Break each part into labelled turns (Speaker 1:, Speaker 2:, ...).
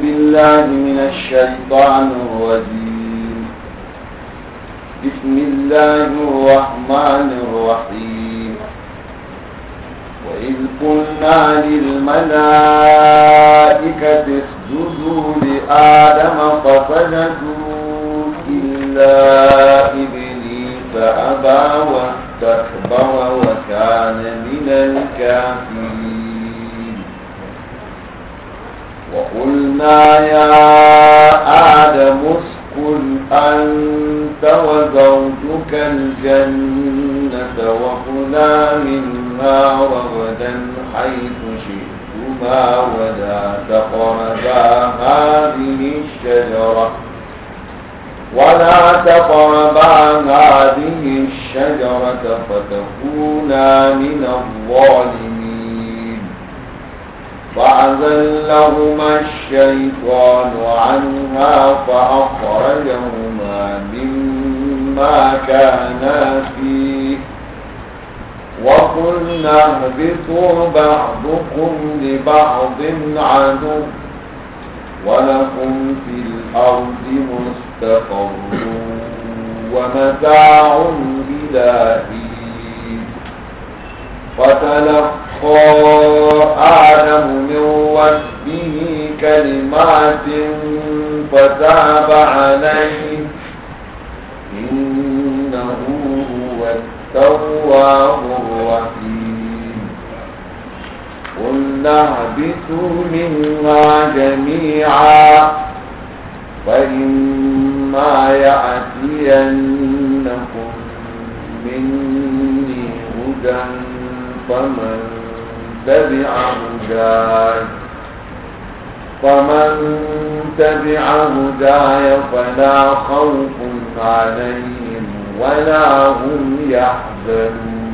Speaker 1: بالله من الشيطان الرجيم بسم الله الرحمن الرحيم وإذ قلنا للملائكة اسجدوا لآدم فسجدوا إلا إبليس أبى واستكبر وكان من الكافرين وقلنا يا آدم اسكن أنت وزوجك الجنة وكلا منها رغدا حيث شئتما ولا تقربا هذه الشجرة ولا تقربا هذه الشجرة فتكونا من الظالمين فأذلهما الشيطان عنها فأخرجهما مما كانا فيه وقلنا اهبطوا بعضكم لبعض عدو ولكم في الأرض مستقر ومتاع إلى حين فتلقى أعلم من ربه كلمات فتاب عليه إنه هو التواب الرحيم قلنا اهبطوا منها جميعا فإما يأتينكم مني هدى فمن تبع هداي فمن تبع هداي فلا خوف عليهم ولا هم يحزنون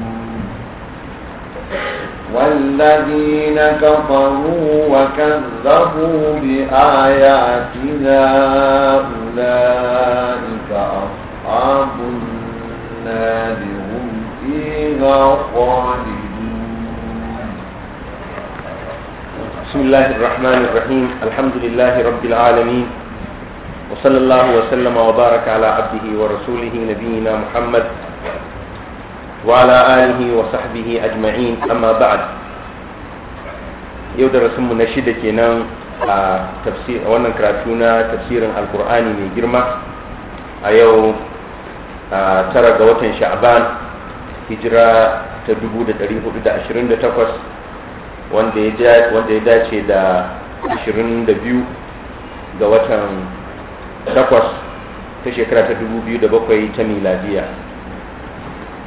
Speaker 1: والذين كفروا وكذبوا بآياتنا أولئك أصحاب النار هم فيها خالدون بسم الله الرحمن الرحيم
Speaker 2: الحمد لله رب العالمين وصلى الله وسلم وبارك على عبده ورسوله نبينا محمد وعلى آله وصحبه أجمعين أما بعد يودر رسم نشيد كنا تفسير وانا كراتونا تفسير القرآن من جرمة أيو ترى قوة شعبان هجرة تدبو دا 428 wanda ya dace da 22 ga watan 8 ta shekara ta 2007 ta miladiya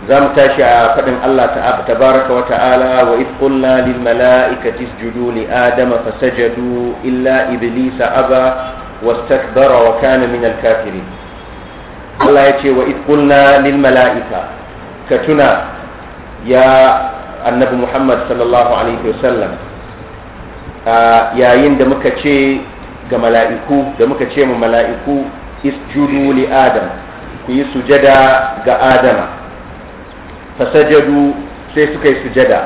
Speaker 2: za mu tashi a faɗin Allah tabaraka wa ta'ala wa idh qulna lil mala'ikati isjudu li adama fasajadu illa iblisa aba wastakbara wa kana min al kafirin Allah ya ce wa idh lil mala'ika ka tuna ya annabi muhammad sallallahu alaihi wasallam yayin da muka ce ga mala'iku da muka ce mu mala'iku isjudu li adam ku yi sujada ga adama fasajadu sai suka yi sujada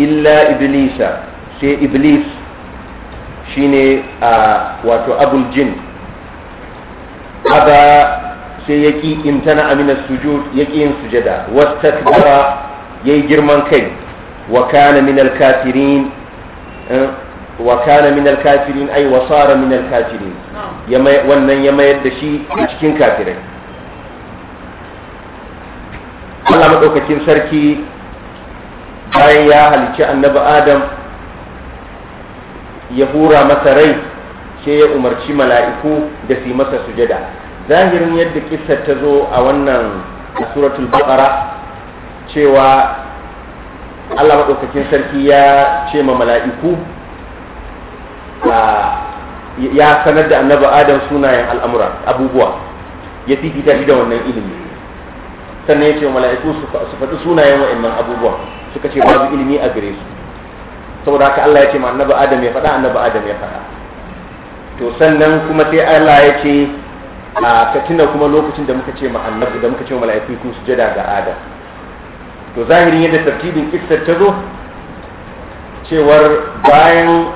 Speaker 2: illa iblisa sai iblis shine a wato abul jin aba sai yaki imtana amina sujud yaki yin sujada wastakbara ya yi girman kai wa kana min kafirin eh, wa kana min wannan ya mayar da shi cikin kafirai Allah maɗaukacin sarki bayan ya halicci annabi Adam ya hura masa rai sai ya umarci mala'iku da su yi masa sujada zahirin yadda kisar ta zo a wannan suratul baqara cewa Allah maɗaukakin sarki ya ce ma mala'iku ya sanar da annabi adam sunayen al'amura abubuwa ya fifita shi da wannan ilimi sannan ya ce mala'iku su faɗi sunayen wa'annan abubuwa suka ce babu ilimi a gare su saboda haka Allah ya ce ma annabi adam ya faɗa annabi adam ya faɗa to sannan kuma sai Allah ya ce a ka tuna kuma lokacin da muka ce ma annabi da muka ce mala'iku su jada ga adam to zahirin yadda tartibin kissar ta zo cewar bayan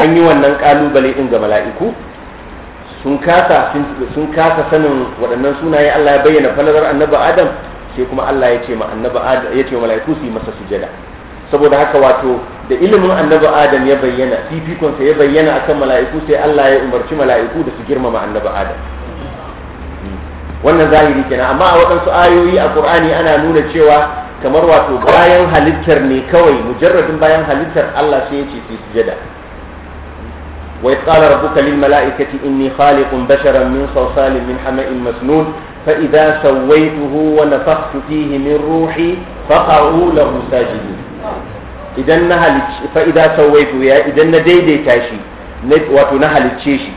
Speaker 2: an yi wannan kalubale din ga mala'iku sun kasa sanin waɗannan sunaye Allah ya bayyana falalar annabi Adam sai kuma Allah ya ce ma annabi ya ce mala'iku su yi masa sujada saboda haka wato da ilimin annabi adam ya bayyana sa ya bayyana akan mala'iku sai Allah ya umarci mala'iku da su girmama annabi adam hmm. wannan zahiri kenan amma a waɗansu ayoyi a qur'ani ana nuna cewa kamar wato bayan halittar ne kawai mujarradin bayan halittar Allah sai ya ce su sujada wa qala rabbuka lil mala'ikati inni khaliqun basharan min salsalin min hama'in masnun fa idza sawaituhu wa nafakhtu fihi min ruhi faqa'u lahu sajidin idan na halicce fa idza sawaitu ya idan na daidaita shi wato na halicce shi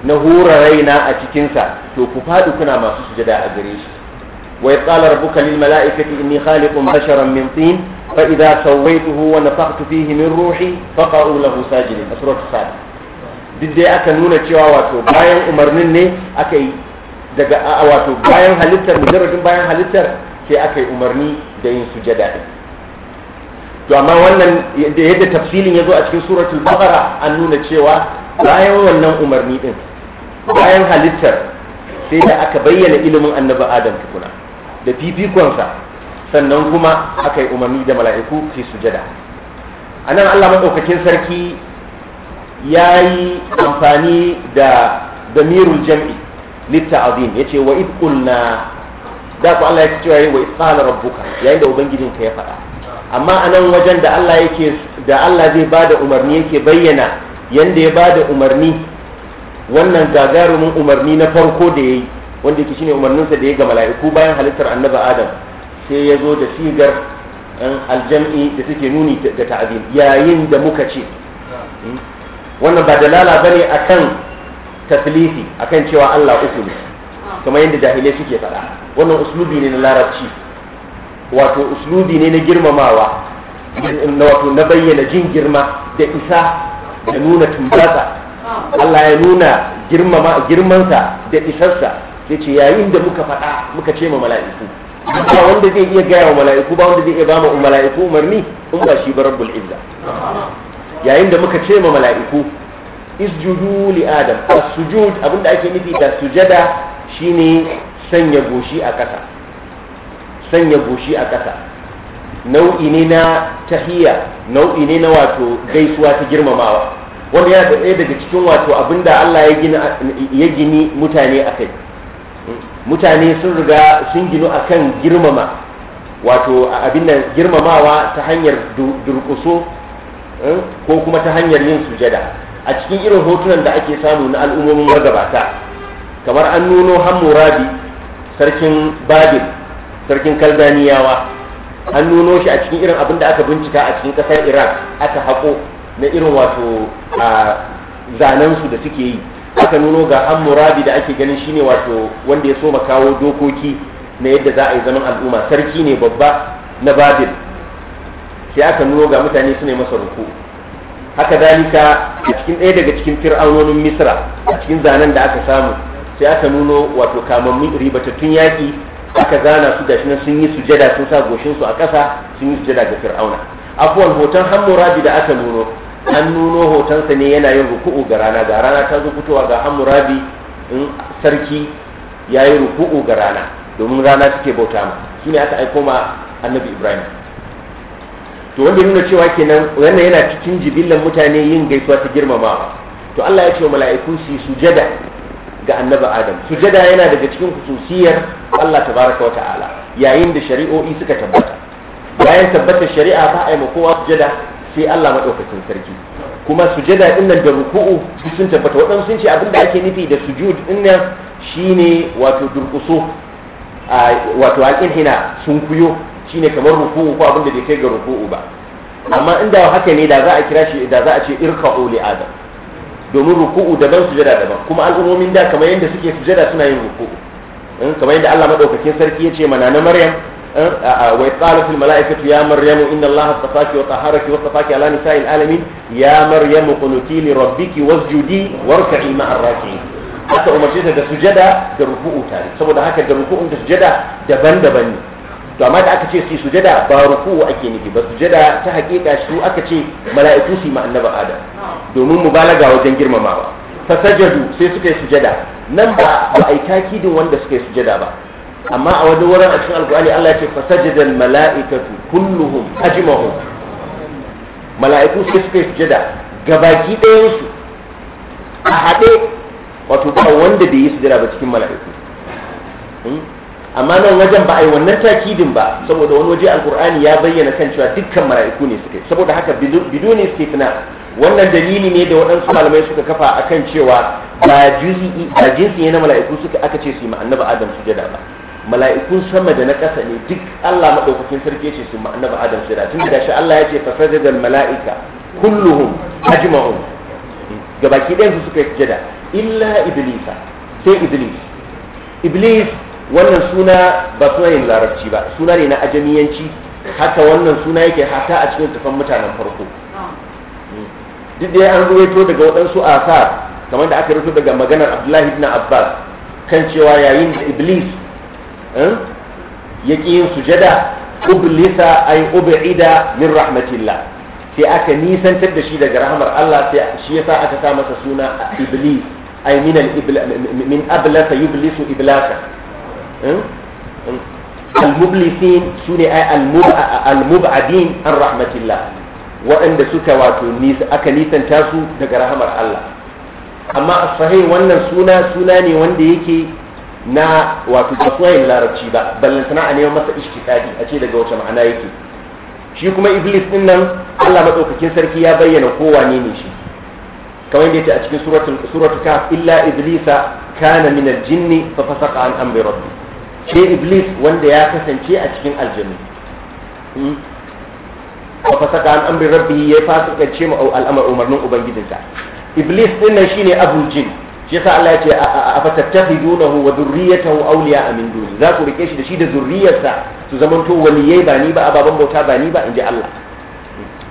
Speaker 2: na hura raina a cikinsa to ku faɗi kuna masu sujada a gare shi وإذ قال ربك للملائكة إني خالق بشرا من طين فإذا سويته ونفخت فيه من روحي فقعوا له ساجدين سورة السعد duk dai aka nuna cewa wato bayan umarnin ne aka yi daga wato bayan halittar mujarradin bayan halittar sai aka yi umarni da yin sujada to amma wannan da yadda tafsilin ya zo a cikin suratul baqara an nuna cewa bayan wannan umarni din bayan halittar sai da aka bayyana ilimin annabi adam tukuna da fifikonsa sannan kuma aka yi umarni da mala'iku su sujada a nan allah maɗaukakin sarki ya yi amfani da damirul jam'i litta azim ya ce wa ibkulna da ku allah ya ce cewa wa ibkala rabbuka yayin da ubangijinka ya faɗa amma a nan wajen da allah yake da allah zai ba da umarni yake bayyana yanda ya ba da umarni wannan gagarumin umarni na farko da ya yi wanda yake shine umarninsa da ya ga mala'iku bayan halittar annabi adam sai ya zo da sigar um, aljam'i da take nuni da ta'azim yayin da muka ce
Speaker 3: hmm?
Speaker 2: wannan ba dalala bane akan taslifi akan cewa Allah uku ne kamar yadda jahilai suke faɗa wannan uslubi ne na larabci wato uslubi ne na girmamawa wato na bayyana jin girma da isa da nuna tumbatsa ah. Allah ya nuna girmansa da isarsa ya ce yayin da muka faɗa muka ce ma mala'iku ba wanda zai iya gaya wa mala'iku ba wanda zai iya ba ma um mala'iku umarni in ba shi ba rabbul izza yayin da muka ce ma mala'iku isjudu li adam as-sujud abinda ake nufi da sujada shine sanya goshi a ƙasa sanya goshi a ƙasa nau'i ne na tahiyya nau'i ne na wato gaisuwa ta girmamawa wanda yana da daga cikin wato abinda Allah ya gini mutane a kai mutane sun riga sun ginu akan girmama wato abin nan girmamawa ta hanyar durkuso eh, ko kuma ta hanyar yin sujada a cikin irin hotunan da ake samu na al'ummomin magabata kamar an nuno hammurabi sarkin babil sarkin kaldaniyawa an nuno shi a cikin irin abin da aka bincika a cikin ƙasar iraq aka haƙo na irin wato zanensu da suke yi aka nuno ga an muradi da ake ganin shine wato wanda ya so ma kawo dokoki na yadda za a yi zaman al'umma sarki ne babba na babil sai aka nuno ga mutane suna ne masa ruku haka zalika a cikin ɗaya daga cikin fir'aunonin misra a cikin zanen da aka samu sai aka nuno wato kamammin ribatattun yaƙi aka zana su gashi nan sun yi sujada sun sa goshin su a ƙasa sun yi sujada ga fir'auna afuwan hoton hammurabi da aka nuno an nuno hotonsa ne yana yin ruku'u ga rana ga rana ta zo fitowa ga hamurabi in sarki ya yi ruku'u ga rana domin rana suke bauta ma su ne aka aiko ma annabi ibrahim to wanda nuna cewa kenan wannan yana cikin jibillan mutane yin gaisuwa ta girmamawa to Allah ya ce wa mala'iku su sujada ga annabi adam sujada yana daga cikin hususiyar Allah ta tabaraka wa ta'ala yayin da shari'o'i suka tabbata bayan tabbatar shari'a ba a yi ma kowa sujada sai Allah madaukakin sarki kuma sujada din nan da ruku'u sun tabbata waɗansu sun ce abinda ake nufi da sujud din nan shine wato durkuso wato akin hina sun kuyo shine kamar ruku'u ko abinda bai kai ga ruku'u ba amma inda haka ne da za a kira shi da za a ce irka'u li adam domin ruku'u daban sujada daban kuma al'ummomin da kamar yadda suke sujada suna yin ruku'u hmm, kamar yadda Allah madaukakin sarki ya ce mana na Maryam وقالت الملائكة يا مريم إن الله اصطفاك وطهرك واصطفاك على نساء العالمين يا مريم قنتي لربك واسجدي واركعي مع الراكعين aka umarce ta da sujada da ruku'u tare saboda haka da ruku'un da sujada daban-daban ne to amma da aka ce su sujada ba ruku'u ake nufi ba sujada ta hakika su aka ce mala'iku su ma annaba adam domin mubalaga wajen girmamawa fasajadu sai suka yi sujada nan ba ba ai takidin wanda suka yi sujada ba amma a wani wurin a cikin alkuwali Allah ya ce fasajada mala'ikatu kulluhum ajma'un mala'iku sai suka yi sujada gabaki ɗayan su a haɗe wato ba wanda bai yi sujada ba cikin mala'iku hmm? amma nan wajen ba a yi wannan takidin ba saboda wani waje alkur'ani ya bayyana kan cewa dukkan mala'iku ne suka yi saboda haka bidu ne suke tuna wannan dalili ne da waɗansu malamai suka kafa akan cewa ba jinsi ne na mala'iku suka aka ce su yi ma annabi adam sujada ba mala'ikun sama da na ƙasa ne duk Allah maɗaukakin sarki ce su annabi Adam sira tun da shi Allah ya ce fa sajada mala'ika kulluhum ajma'un gabaki ɗayan su suka yi sujada illa iblisa sai iblis iblis wannan suna ba suna ne larabci ba suna ne na ajamiyanci haka wannan suna yake hata a cikin tufan mutanen farko duk da an ruwaito daga waɗansu asar kamar da aka rubuta daga maganar Abdullahi ibn Abbas kan cewa yayin da iblis Eh? ya ƙi yin sujada ublisa ay ub'ida min rahmatillah sai aka nisantar da shi daga rahmar Allah sai shi yasa aka sa masa suna iblis ay min al min ablasa yublisu iblasa eh? al mublisin sune ay al mub'adin an rahmatillah waɗanda suka wato aka nisanta su daga rahmar Allah amma sahih wannan suna suna ne wanda yake na wato kasuwayin larabci ba ballantana a neman masa tsadi a ce daga wace ma'ana yake shi kuma iblis din nan Allah madaukakin sarki ya bayyana ko wane ne shi kamar yadda yake a cikin suratul kaf illa iblisa kana min al-jinn fa fasaqa an amri rabbi shi iblis wanda ya kasance a cikin aljanna hmm? fa fasaqa an amri rabbi ya fasika ce mu al'amar umarnin ubangijinsa iblis din nan shine abul jinn shi yasa Allah ya ce a fatattakhidunahu wa dhurriyyatahu awliya min duni za ku rike shi da shi da zurriyarsa su zamanto waliyai ba ni ba ababan bauta ba ni ba inji Allah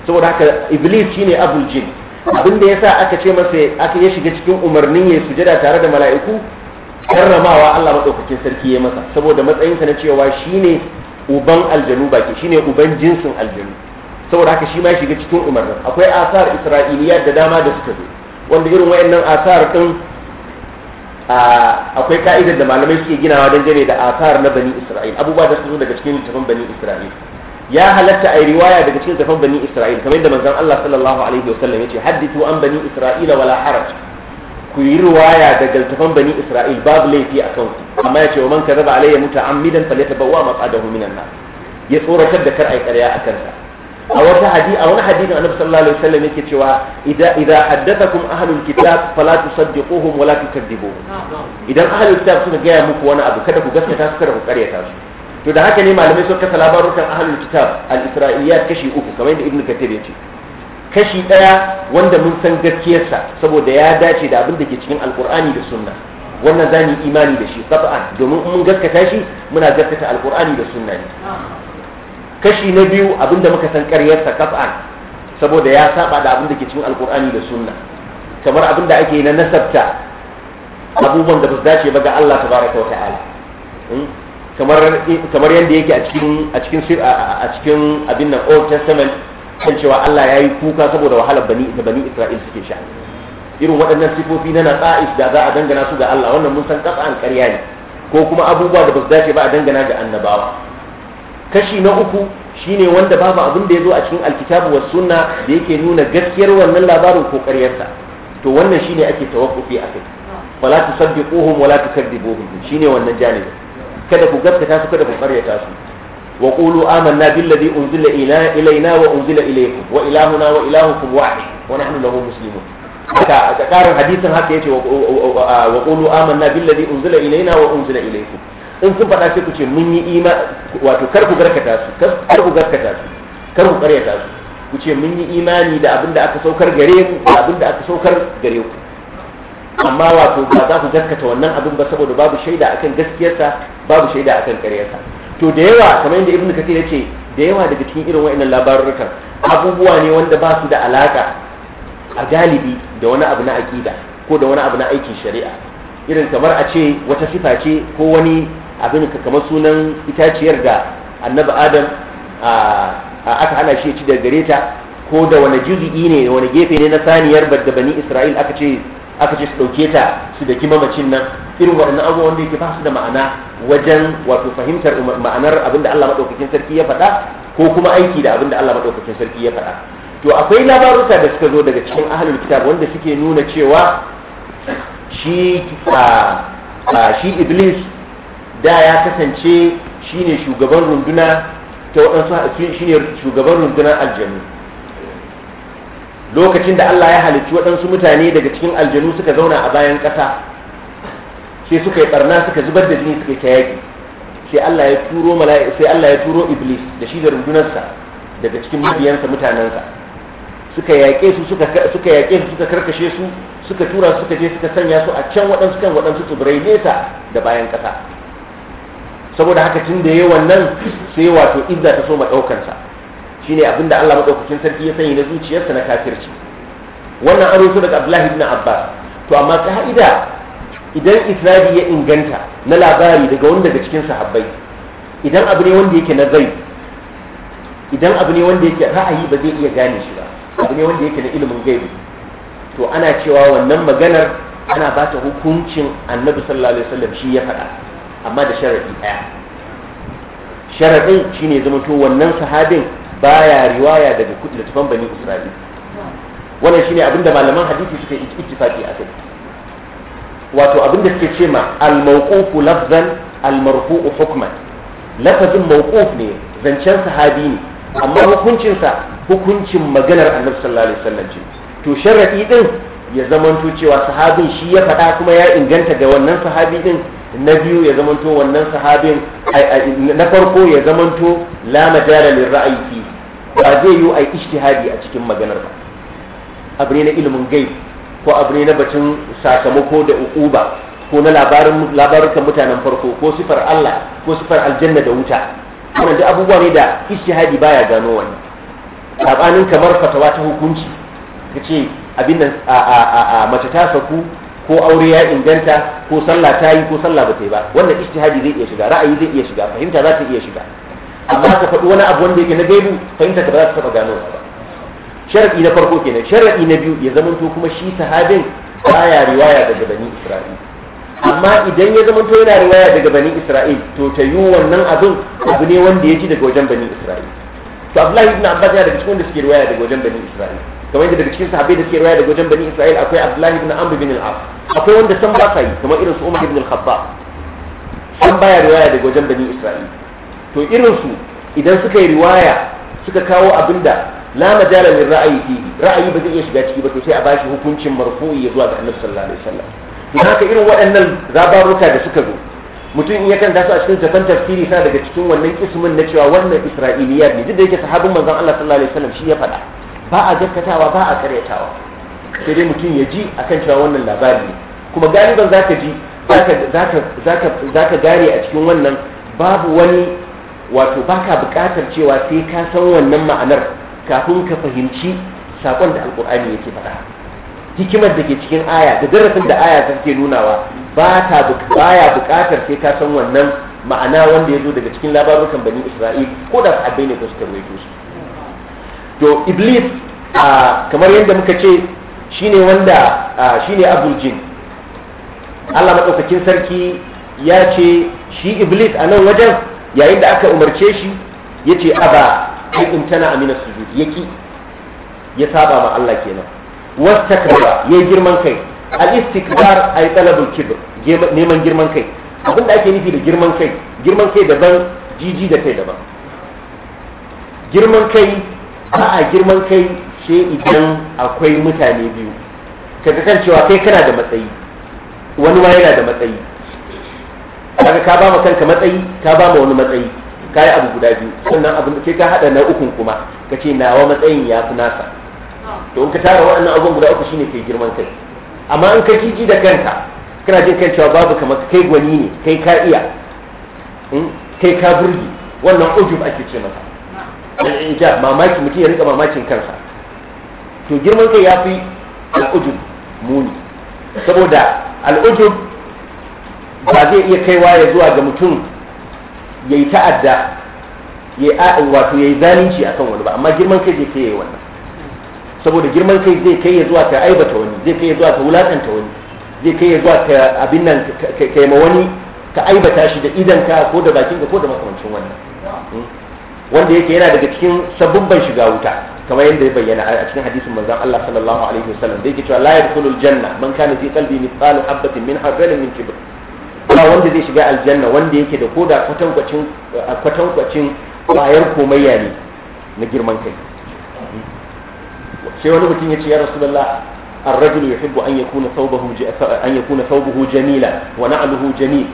Speaker 2: saboda haka iblis shine abul jin abin da yasa aka ce masa aka ya shiga cikin umarnin ya sujada tare da mala'iku karramawa Allah madaukakin sarki ya masa saboda matsayinsa na cewa shine uban aljanu baki shine uban jinsin aljanu saboda haka shi ma ya shiga cikin umarnin akwai asar isra'iliyat da dama da suka zo wanda irin wayannan asar din akwai ka'idar da malamai suke ginawa dangane da asar na bani isra'il abubuwa da su daga cikin littafin bani isra'il ya halatta a riwaya daga cikin littafin bani isra'il kamar yadda manzon Allah sallallahu alaihi wasallam yace haddithu an bani isra'ila wala haraj ku yi riwaya daga littafin bani isra'il babu laifi a kanku amma yace wa man kadaba alayya muta'ammidan falyatabawwa maqadahu minan nar ya tsoratar da kar ai ƙarya a kansa a wata hadi a wani hadisin annabi sallallahu alaihi wasallam yake cewa idan idan haddathakum ahlul kitab fala tusaddiquhum wala tukadibuhum idan ahlul kitab suka gaya muku wani abu kada ku gaskata su kada ku karyata su to da haka ne malamai sun kasa labarukan ahlul kitab al-isra'iliyat kashi uku kamar yadda ibnu kathir ya ce kashi daya wanda mun san gaskiyarsa saboda ya dace da abin da ke cikin alqur'ani da sunna wannan zani imani da shi qat'an domin mun gaskata shi muna gaskata alqur'ani da sunna
Speaker 3: ne
Speaker 2: kashi na biyu abinda muka san sa kaf'an saboda ya saba da abinda ke cikin alkur'ani da sunna kamar abinda ake na nasabta abubuwan da ba su dace ba ga Allah tabaraka wa ta'ala hmm? kamar kamar yanda yake a cikin a cikin a cikin abin nan Old Testament kan cewa Allah ya yi kuka saboda wahalar bani da bani Isra'il suke sha irin waɗannan sifofi na natsa'is da za a dangana su ga Allah wannan mun san kaf'an ƙarya ne ko kuma abubuwa da ba su dace ba a dangana ga annabawa kashi na uku shine wanda babu abin da ya zo a cikin alkitabu was sunna da yake nuna gaskiyar wannan labarin ko karyarsa. to wannan shine ake tawaffufi a kai fala tusaddiquhum wala tukadzibuhum shine wannan janibi kada ku gaskata su kada ku ƙaryata su wa qulu amanna billadhi unzila ilaina wa unzila ilaykum wa ilahuna wa ilahukum wahid wa nahnu lahu muslimun haka a karin hadisin haka yace wa qulu amanna billadhi unzila ilaina wa unzila ilaykum in sun faɗa sai ku ce mun yi ima wato kar ku garkata su kar ku garkata su kar ku ƙaryata su ku ce mun yi imani da abin da aka saukar gare ku da abin da aka saukar gare ku amma wato ba za ku garkata wannan abin ba saboda babu shaida akan gaskiyarsa babu shaida akan karyarsa to da yawa kamar yadda ibnu kathir yace da yawa daga cikin irin wa'annan labarurukan abubuwa ne wanda ba su da alaka a galibi da wani abu na aqida ko da wani abu na aikin shari'a irin kamar a ce wata sifa ce ko wani abin ka kamar sunan itaciyar da annabi adam a aka hana shi ci da gare ta ko da wani juzi'i ne wani gefe ne na saniyar da bani isra'il aka ce aka ce su ɗauke ta su da mamacin nan irin waɗannan abubuwan wanda yake ba su da ma'ana wajen wato fahimtar ma'anar abin da Allah maɗaukakin sarki ya faɗa ko kuma aiki da abin da Allah maɗaukakin sarki ya faɗa to akwai labaruka da suka zo daga cikin ahlul kitab wanda suke nuna cewa shi shi iblis da ya kasance shine shugaban runduna ta waɗansu shine shugaban rundunar aljanu lokacin da Allah ya halicci waɗansu mutane daga cikin aljanu suka zauna a bayan ƙasa sai suka yi barna suka zubar da jini suka yi ta yaƙi sai Allah ya turo sai Allah ya turo iblis da shi da rundunarsa daga cikin mabiyansa mutanensa suka yaƙe su suka suka yaƙe su suka karkashe su suka tura suka je suka sanya su a can waɗansu kan waɗansu tsibirai nesa da bayan ƙasa saboda haka tun da yayi wannan sai wato izza ta so ma daukar sa shine abinda Allah madaukakin sarki ya sanya na zuciyarsa na kafirci wannan an rusu daga Abdullahi ibn Abbas to amma ka'ida idan isnadi ya inganta na labari daga wanda daga cikin sahabbai idan abu ne wanda yake na idan abu ne wanda yake ra'ayi ba zai iya gane shi ba abu ne wanda yake na ilimin gaibi to ana cewa wannan maganar ana ba ta hukuncin annabi sallallahu alaihi wasallam shi ya faɗa amma da sharadi ɗaya sharadin shine zama to wannan sahabin baya riwaya daga littafan bani isra'il wannan shine abinda malaman hadisi suka yi ittifaqi a kai wato abinda suke ce ma al-mawqufu lafzan al-marfu'u hukman lafazin mawquf ne zancen sahabi ne amma hukuncinsa hukuncin maganar annabi sallallahu alaihi wasallam ce to sharadi din ya zamanto cewa sahabin shi ya faɗa kuma ya inganta ga wannan sahabi din na biyu ya zamanto wannan sahabin na farko ya zamanto la majala lil ra'ayi fi ba zai yi ai ijtihadi a cikin maganar ba abu na ilimin gai ko abu na batun sakamako da uquba ko na labarin labarukan mutanen farko ko sifar Allah ko sifar aljanna da wuta wannan duk abubuwa ne da ijtihadi baya gano wani sabanin kamar fatawa ta hukunci kace abin nan a mace ta saku ko aure ya inganta ko sallah ta yi ko sallah ba ta yi ba wannan ijtihadi zai iya shiga ra'ayi zai iya shiga fahimta za ta iya shiga amma ka faɗi wani abu wanda yake na gaibu fahimta ka ba za ta taɓa gano ba sharadi na farko kenan sharadi na biyu ya zamanto kuma shi sahabin baya riwaya daga bani isra'il amma idan ya zamanto yana riwaya daga bani isra'il to ta yi wannan abin abu ne wanda ya ji daga wajen bani isra'il to abdullahi ibn abbas ya daga cikin wanda suke riwaya daga wajen bani isra'il kamar yadda daga cikin sahabbai da suke riwaya da wajen bani isra'il akwai abdullahi ibn amr bin al-as akwai wanda san ba sa yi kamar irin su umar ibn al-khattab san baya riwaya da wajen bani isra'il to irin su idan suka yi riwaya suka kawo abinda la majala min ra'ayi fihi ra'ayi ba zai iya shiga ciki ba to sai a bashi hukuncin marfu'i ya zuwa ga annabi sallallahu alaihi wasallam to haka irin waɗannan zabaruka da suka zo mutum in ya kanta su a cikin tafan tafsiri sa daga cikin wannan kismin na cewa wannan isra'iliyat ne duk da yake sahabin manzon Allah sallallahu alaihi wasallam shi ya faɗa ba a jakkatawa ba a karyatawa sai dai mutum ya ji a kan cewa wannan labari ne kuma galiban za ka ji za ka gare a cikin wannan babu wani wato ba ka buƙatar cewa sai ka san wannan ma'anar kafin ka fahimci sakon da alƙur'ani yake faɗa hikimar da ke cikin aya da darasin da aya ta ke nunawa ba ta baya buƙatar sai ka san wannan ma'ana wanda ya zo daga cikin labarukan bani isra'il ko da abai ne ko suka ruwaito su to iblis kamar yadda muka ce shine wanda shine abu jin Allah madaukakin sarki ya ce shi iblis a nan wajen yayin da aka umarce shi ya ce aba kai tana amina sujud yaki ya saba ma Allah kenan ya yayi girman kai al istikbar yi talabul kibr neman girman kai abinda ake nufi da girman kai girman kai daban jiji da kai daban girman kai ba a girman kai sai idan akwai mutane biyu kaga kan cewa kai kana da matsayi wani ma yana da matsayi kaga ka ba kanka matsayi ka ba ma wani matsayi ka yi abu guda biyu sannan abu ke ka hada na ukun kuma ka ce nawa matsayin ya fi nasa to in ka tara waɗannan abubuwan guda uku shine kai girman kai amma in ka jiji da kanka kana jin kan cewa babu kamar kai gwani ne kai ka iya hmm, kai ka burge wannan ujub ake ce masa al'ija eh, mamaki mutum ya rika mamakin kansa to girman kai ya fi al'ujub muni saboda al'ujub ba zai iya kaiwa ya zuwa ga mutum ya yi ta'adda ya yi wato ya yi zalunci akan wani ba amma girman kai zai kai ya yi wannan saboda girman kai zai kai ya zuwa ka aibata wani zai kai ya zuwa ka wulakanta wani zai kai ya zuwa ka abin nan ka yi ma wani ka aibata shi da idanka ko da bakinka ko da makamancin wannan hmm? wanda yake yana daga cikin sabbin ban shiga wuta kamar yadda ya bayyana a cikin hadisin manzon Allah sallallahu alaihi wasallam da yake cewa la yadkhulul janna man kana fi qalbi mithqal habatin min hablin min kibr ba wanda zai shiga aljanna wanda yake da koda kwatankwacin kwatankwacin bayar komayya ne na girman kai sai wani mutum ya ce ya rasulullah الرجل يحب أن يكون ثوبه ج... أن يكون ثوبه جميلا ونعله جميل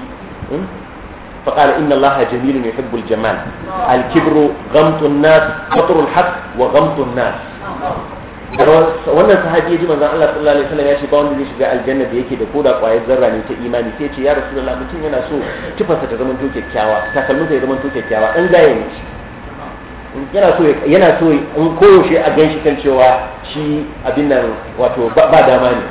Speaker 2: فقال إن الله جميل يحب الجمال الكبر غمط الناس قطر الحق وغمط الناس wannan sahabi ji manzon Allah sallallahu alaihi wasallam ya ce wanda zai shiga aljanna da yake da koda kwayar zarra ne ta imani sai ce ya rasulullah mutum yana so tufarsa ta zama zama dan ne yana so yana so in koyaushe a ganshi kan cewa shi abin nan wato ba dama ne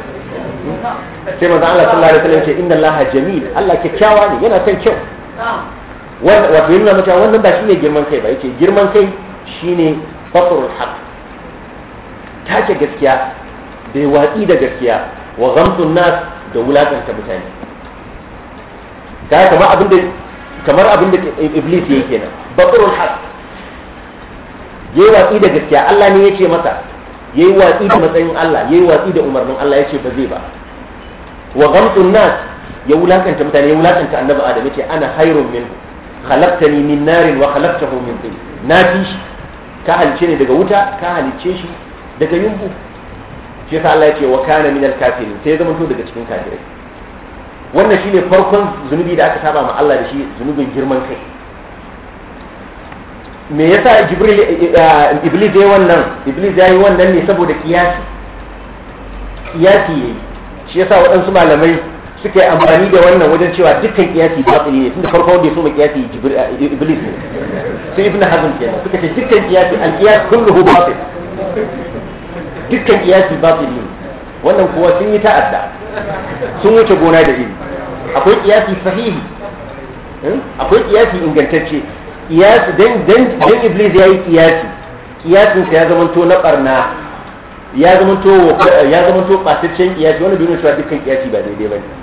Speaker 3: sai manzon Allah sallallahu alaihi wasallam ya ce
Speaker 2: inna Allah jamil Allah kyakkyawa ne yana son kyau wato yana mata wannan ba shine girman kai ba yace girman kai shine fakrul haq take gaskiya bai watsi da gaskiya wa ghamdun nas da wulakanta mutane kaya kamar abin da kamar abin da iblis yake kenan bakrul haq yayi watsi da gaskiya Allah ne yace masa yayi watsi da matsayin Allah yayi watsi da umarnin Allah yace ba zai ba wa ghamdun nas ya wulakanta mutane ya wulakanta annabi adam yace ana khairun min khalaqtani min narin wa khalaqtahu min tin na fi shi ka halice ni daga wuta ka halice shi daga yumbu shi yasa Allah yace wa kana minal kafirin sai zama to daga cikin kafirai wannan shine farkon zunubi da aka saba ma Allah da shi zunubin girman kai me yasa jibril eh, eh, iblis yayi wannan iblis yayi wannan ne saboda kiyasi kiyasi yayi shi yasa waɗansu malamai suka yi amfani da wannan wajen cewa dukkan kiyasi batili ne tunda farko wanda ya soma kiyasi eh, iblis ne sai ibn hazm kenan suka ce dukkan kiyasi al kiyas kulluhu batil
Speaker 3: dukkan kiyasi
Speaker 2: batili ne wannan kuwa sun yi ta'adda sun wuce gona da iri akwai kiyasi sahihi hmm? akwai kiyasi ingantacce kiyasi dan dan dan iblis yayi kiyasi kiyasin ya to na barna ya to ya zamanto kwataccen kiyasi wanda bai nuna cewa dukkan kiyasi ba daidai ne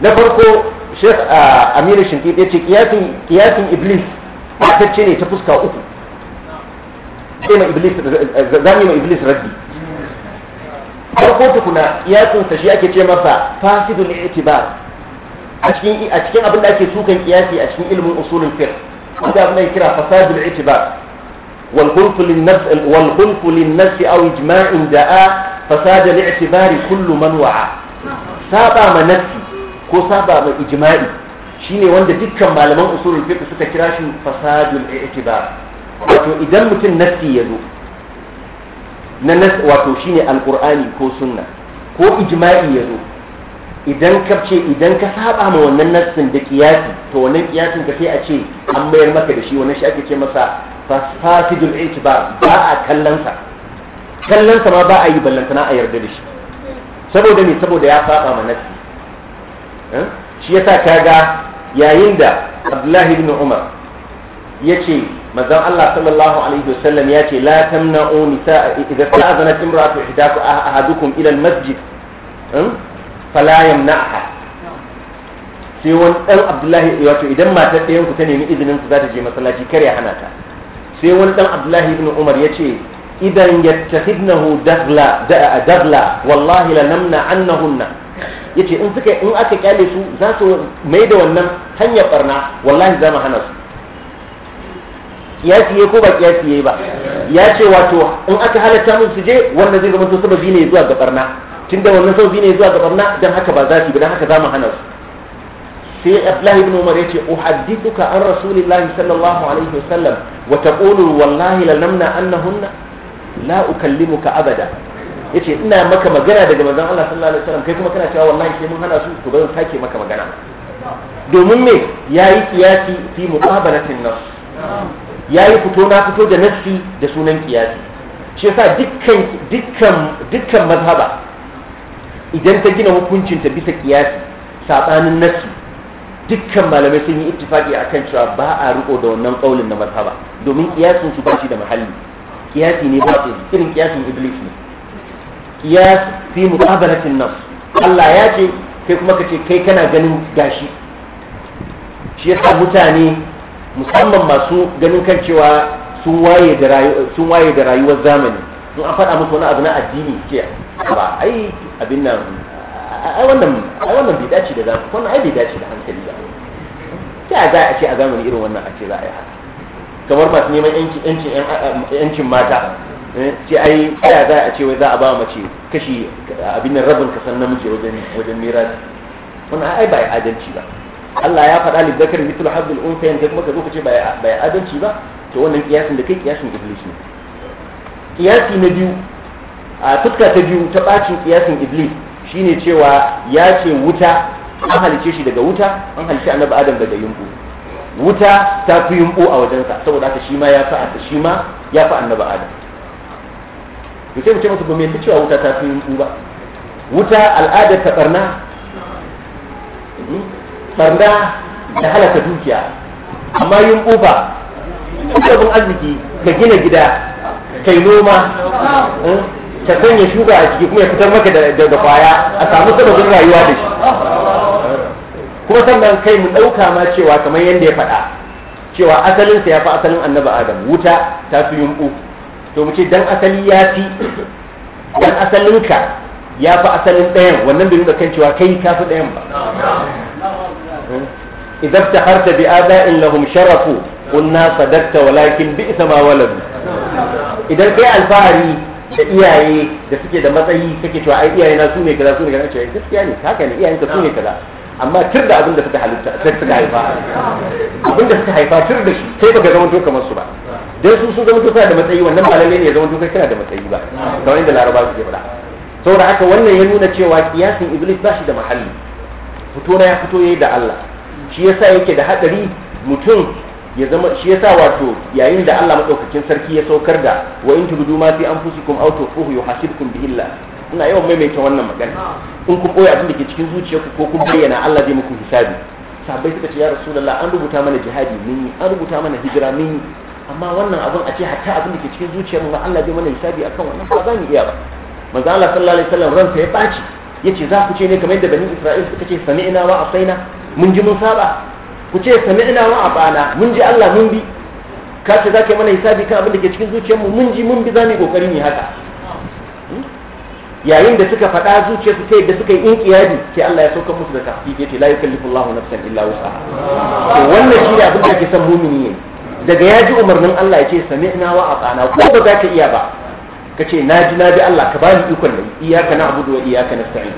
Speaker 2: na farko sheikh aminu shinkit ya ce kiyasin iblis matacce ne ta fuska uku sai ma iblis zami ma iblis raddi farko tukuna kiyasin sa shi ake ce masa fasidul i'tibar a cikin a cikin abin da ake sukan kiyasi a cikin ilimin usulul fir. wanda abin da ake kira fasadu i'tibar wal khulfu lin nafs wal khulfu lin nafs aw ijma'in da'a fasad al i'tibar kullu man saba ma nasi. ko saba ba ijma'i shine wanda dukkan malaman usulul fiqh suka kira shi fasadul i'tibar wato idan mutum nassi ya zo na nas wato shine alqur'ani ko sunna ko ijma'i ya zo idan ka ce idan ka saba ma wannan nassin da kiyasi to wannan kiyasin ka sai a ce an mayar maka da shi wannan shi ake ce masa fasidul i'tibar ba a kallon sa kallon sa ma ba a yi ballantana a yarda da shi saboda me saboda ya saba ma nassi Eh? shi yasa ta ga yayin da abdullahi ibn umar ya ce mazan allah sallallahu alaihi wasallam ya ce la tamna'u nisa'a idza ta'azanat imra'atu ihdaku ahadukum ila almasjid masjid eh? fala yamna'ha sai wani dan abdullahi wato idan mata ɗayan ku ta nemi izinin ku za ta je masallaci kar ya hana ta sai wani dan abdullahi ibn umar ya ce idan yattakhidnahu dagla dagla wallahi la namna annahunna yace in suka in aka kyale su za su mai da wannan hanyar barna wallahi za mu hana su kiyasi ko ba kiyasi ba ya ce wato in aka halatta mun su je wanda zai zama to sababi ne zuwa ga barna tunda wannan sababi ne zuwa ga barna dan haka ba za su ba dan haka za mu hana su sai Abdullahi ibn Umar yace uhaddithuka an Rasulillahi sallallahu alaihi wasallam wa taqulu wallahi la namna annahunna la ukallimuka abada yace ina maka magana daga manzon Allah sallallahu alaihi wasallam kai kuma kana cewa wallahi sai mun hana su to bazan sake maka magana domin me yayi kiyasi fi muqabalatin nafs yayi fito na fito da nafsi da sunan kiyasi shi yasa dukkan dukkan dukkan mazhaba idan ta gina hukuncin ta bisa kiyasi sabanin nafsi dukkan malamai sun yi ittifaki akan cewa ba a riko da wannan kaulin na mazhaba domin kiyasin su ba shi da muhalli kiyasi ne ba irin kiyasin iblis ne ya fi muqabalatin nas Allah ya ce kai kuma kace kai kana ganin gashi shi yasa mutane musamman masu ganin kan cewa sun waye da sun waye da rayuwar zamani sun an faɗa musu wani abu na addini ce ba ai abin nan ai wannan ai wannan bai dace da zamani wannan ai bai dace da hankali ba sai a za a ce a zamani irin wannan a ce za a yi haka kamar masu neman yancin mata Eh, ce ai ya za a ce wai za a ba mace kashi abin nan rabin san namiji wajen wajen mirasi wannan ai ba adalci ba Allah ya faɗa li zakar mithlu haddul unsa yanzu kuma ka zo ka ce ba adalci ba to wannan kiyasin da kai kiyasin iblis ne kiyasi na biyu a fuska ta biyu ta bacin kiyasin iblis shine cewa ya ce wuta an halice shi daga wuta an halice annabi adam daga yumbu wuta ta fi yumbu a wajensa saboda haka shi ma ya fa'a shi ma ya fa'a annabi adam to mu ce ba mai cewa wuta ta fi yin ba wuta al'adar ta barna barna da halaka dukiya amma yunku ba
Speaker 3: abin arziki ka gina gida yi noma eh, ka sanya shuka a ciki kuma ya fitar maka da kwaya a samu sababin rayuwa da shi
Speaker 2: kuma sannan kai mu ɗauka ma cewa kamar yadda ya faɗa cewa asalinsa ya fi asalin annabi adam wuta ta fi yunku to mu ce dan asali ya fi dan asalinka ya fi asalin ɗayan wannan bai nuna kan cewa kai ka fi ɗayan ba idan ta harta bi ada'in lahum sharafu kunna sadakta walakin bi isa ma waladu
Speaker 3: idan kai alfahari da iyaye
Speaker 2: da suke da matsayi kake cewa ai iyaye na su ne kaza su ne kaza cewa gaskiya ne haka ne iyayen ka su ne kaza amma tur da abin da suka halitta suka haifa abin da suka haifa tur da shi sai baka zama to kamar su ba dai su su zama kana da matsayi wannan ba lalle ne ya zama duka kana da matsayi ba kamar yadda laraba su ke faɗa saboda haka wannan ya nuna cewa kiyasin iblis ba shi da mahalli fito na ya fito yayi da Allah shi yasa yake da hadari mutum ya zama shi yasa wato yayin da Allah madaukakin sarki ya saukar da wa in tubudu ma fi anfusikum aw tuquhu yuhasibkum bihi Allah ina yawan maimaita wannan magana in kun boye abin da ke cikin zuciyarku ko kun bayyana Allah zai muku hisabi sabai suka ce ya rasulullah an rubuta mana jihadi mun an rubuta mana hijira mun amma wannan abin a ce hatta abin da ke cikin zuciyar mu Allah zai mana hisabi akan wannan ba za mu iya ba manzo Allah sallallahu alaihi wasallam ransa ya baci yace za ku ce ne kamar yadda bani Isra'il suka ce sami'na wa asaina mun ji mun saba ku ce sami'na wa abana mun ji Allah mun bi ka ce za ka yi mana hisabi kan abin da ke cikin zuciyar mu mun ji mun bi za mu yi kokari ne haka hmm? yayin da suka faɗa zuciyar su ta yadda suka yi inkiyadi sai Allah ya saukar musu da tafsiri yace la yukallifullahu nafsan illa wus'aha to wannan shi ne abin da ke son mumini ne daga ya ji umarnin Allah ya ce sami'na wa atana ko ba za ka iya ba ka ce na ji na bi Allah ka bani ikon nan iyaka na abudu wa iyaka nasta'in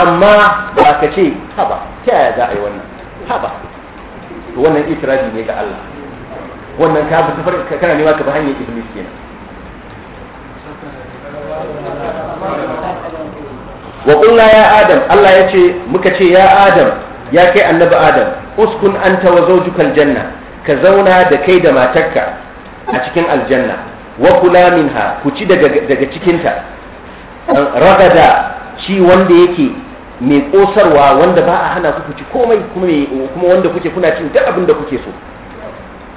Speaker 2: amma ba ka ce haba ta yaya za a yi wannan haba to wannan itirazi ne ga Allah wannan ka bi kana nema ka bi hanyar iblis kenan wa qulna ya adam Allah ya ce muka ce ya adam ya kai annabi adam uskun anta wa zawjuka Janna. ka zauna da kai da matarka a cikin aljanna wa kula minha ku ci daga cikinta ragada ci wanda yake mai kosarwa wanda ba a hana ku ci komai kuma wanda kuke kuna cin duk abin da kuke so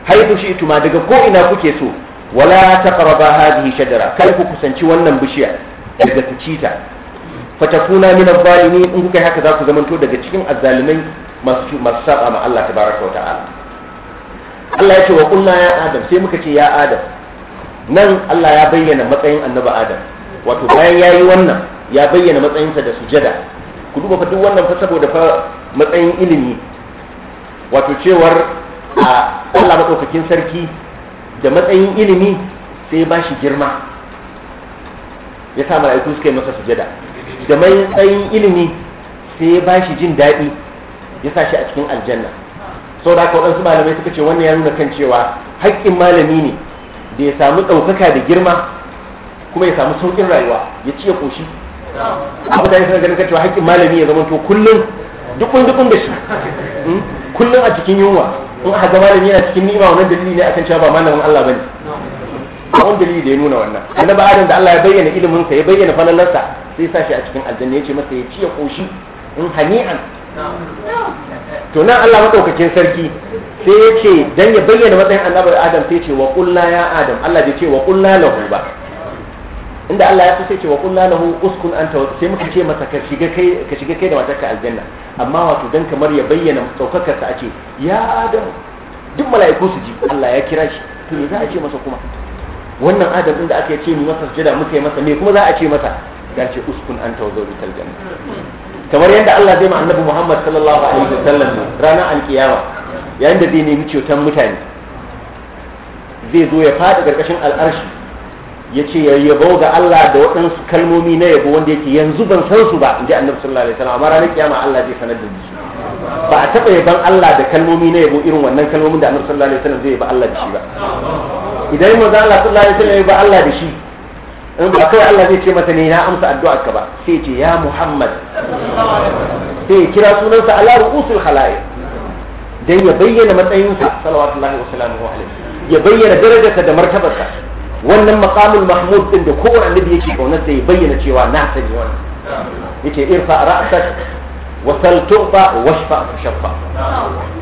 Speaker 2: haifu shi tuma daga ko ina kuke so wala ta taqraba hadhihi shajara kai ku kusanci wannan bishiya daga ku ci ta fatakuna min adh in kuka haka za ku zamanto daga cikin azzalimai masu masu saba ma Allah tabaraka wa ta'ala Allah ya ce wa kunna ya adam sai muka ce ya adam nan Allah ya bayyana matsayin annabi adam wato bayan ya yi wannan ya bayyana matsayinsa da sujada ku duba fa duk wannan fa saboda fa matsayin ilimi wato cewar a Allah madaukakin sarki da matsayin ilimi sai ba shi girma ya sa mala'iku suka yi masa sujada da matsayin ilimi sai ba shi jin daɗi ya sa shi a cikin aljanna Sau da haka waɗansu malamai suka ce wannan ya nuna kan cewa haƙƙin malami ne da ya samu ɗaukaka da girma kuma ya samu sauƙin rayuwa ya ci ya ƙoshi abu da ya sanar ganin cewa haƙƙin malami ya zama to kullum dukun dukkan da shi hmm? kullum a cikin yunwa in aka ga malami yana cikin nima wannan dalili ne akan cewa ba malamin Allah bane wani dalili da ya nuna wannan annabi adam da Allah ya bayyana ilimin sa ya bayyana falalarsa sai sa shi a cikin aljanna ya ce masa ya ci ya ƙoshi in hani'an
Speaker 3: to nan Allah madaukakin
Speaker 2: sarki sai ya ce dan ya bayyana matsayin annabi Adam sai ce wa qulna ya Adam Allah bai ce wa qulna lahu ba inda Allah ya sai ce wa qulna lahu uskun anta sai muka ce masa ka shiga kai ka shiga kai da matarka aljanna amma wato dan kamar ya bayyana daukakar sa a ce ya Adam duk mala'iku su ji Allah ya kira shi to me za a ce masa kuma wannan Adam inda aka ce mu masa sujada muka yi masa me kuma za a ce masa ya ce uskun anta wa zawjatal janna kamar yadda Allah zai ma annabi Muhammad sallallahu alaihi wasallam ranar alkiyama yayin da zai nemi ceton mutane zai zo ya fada karkashin al'arshi ya ce ya yabo ga Allah da waɗansu kalmomi na yabo wanda yake yanzu ban san su ba inji annabi sallallahu alaihi wasallam amma ranar kiyama Allah zai sanar da su ba a taɓa yaban Allah da kalmomi na yabo irin wannan kalmomin da annabi sallallahu alaihi wasallam zai yaba Allah da shi ba idan manzo Allah sallallahu alaihi wasallam ya yaba Allah da shi in ba kawai Allah zai ce mata ne na amsa addu'ar ka ba sai ce ya Muhammad
Speaker 3: sai kira sunansa
Speaker 2: ala ru'usul khala'iq dan ya bayyana matsayinsa sallallahu wasalamu alaihi ya bayyana darajarsa da martabarsa wannan maqamul mahmud din da kowane annabi yake kaunar sa ya bayyana cewa na sani wannan yake irfa ra'sak wa sal tu'fa wa shfa shaffa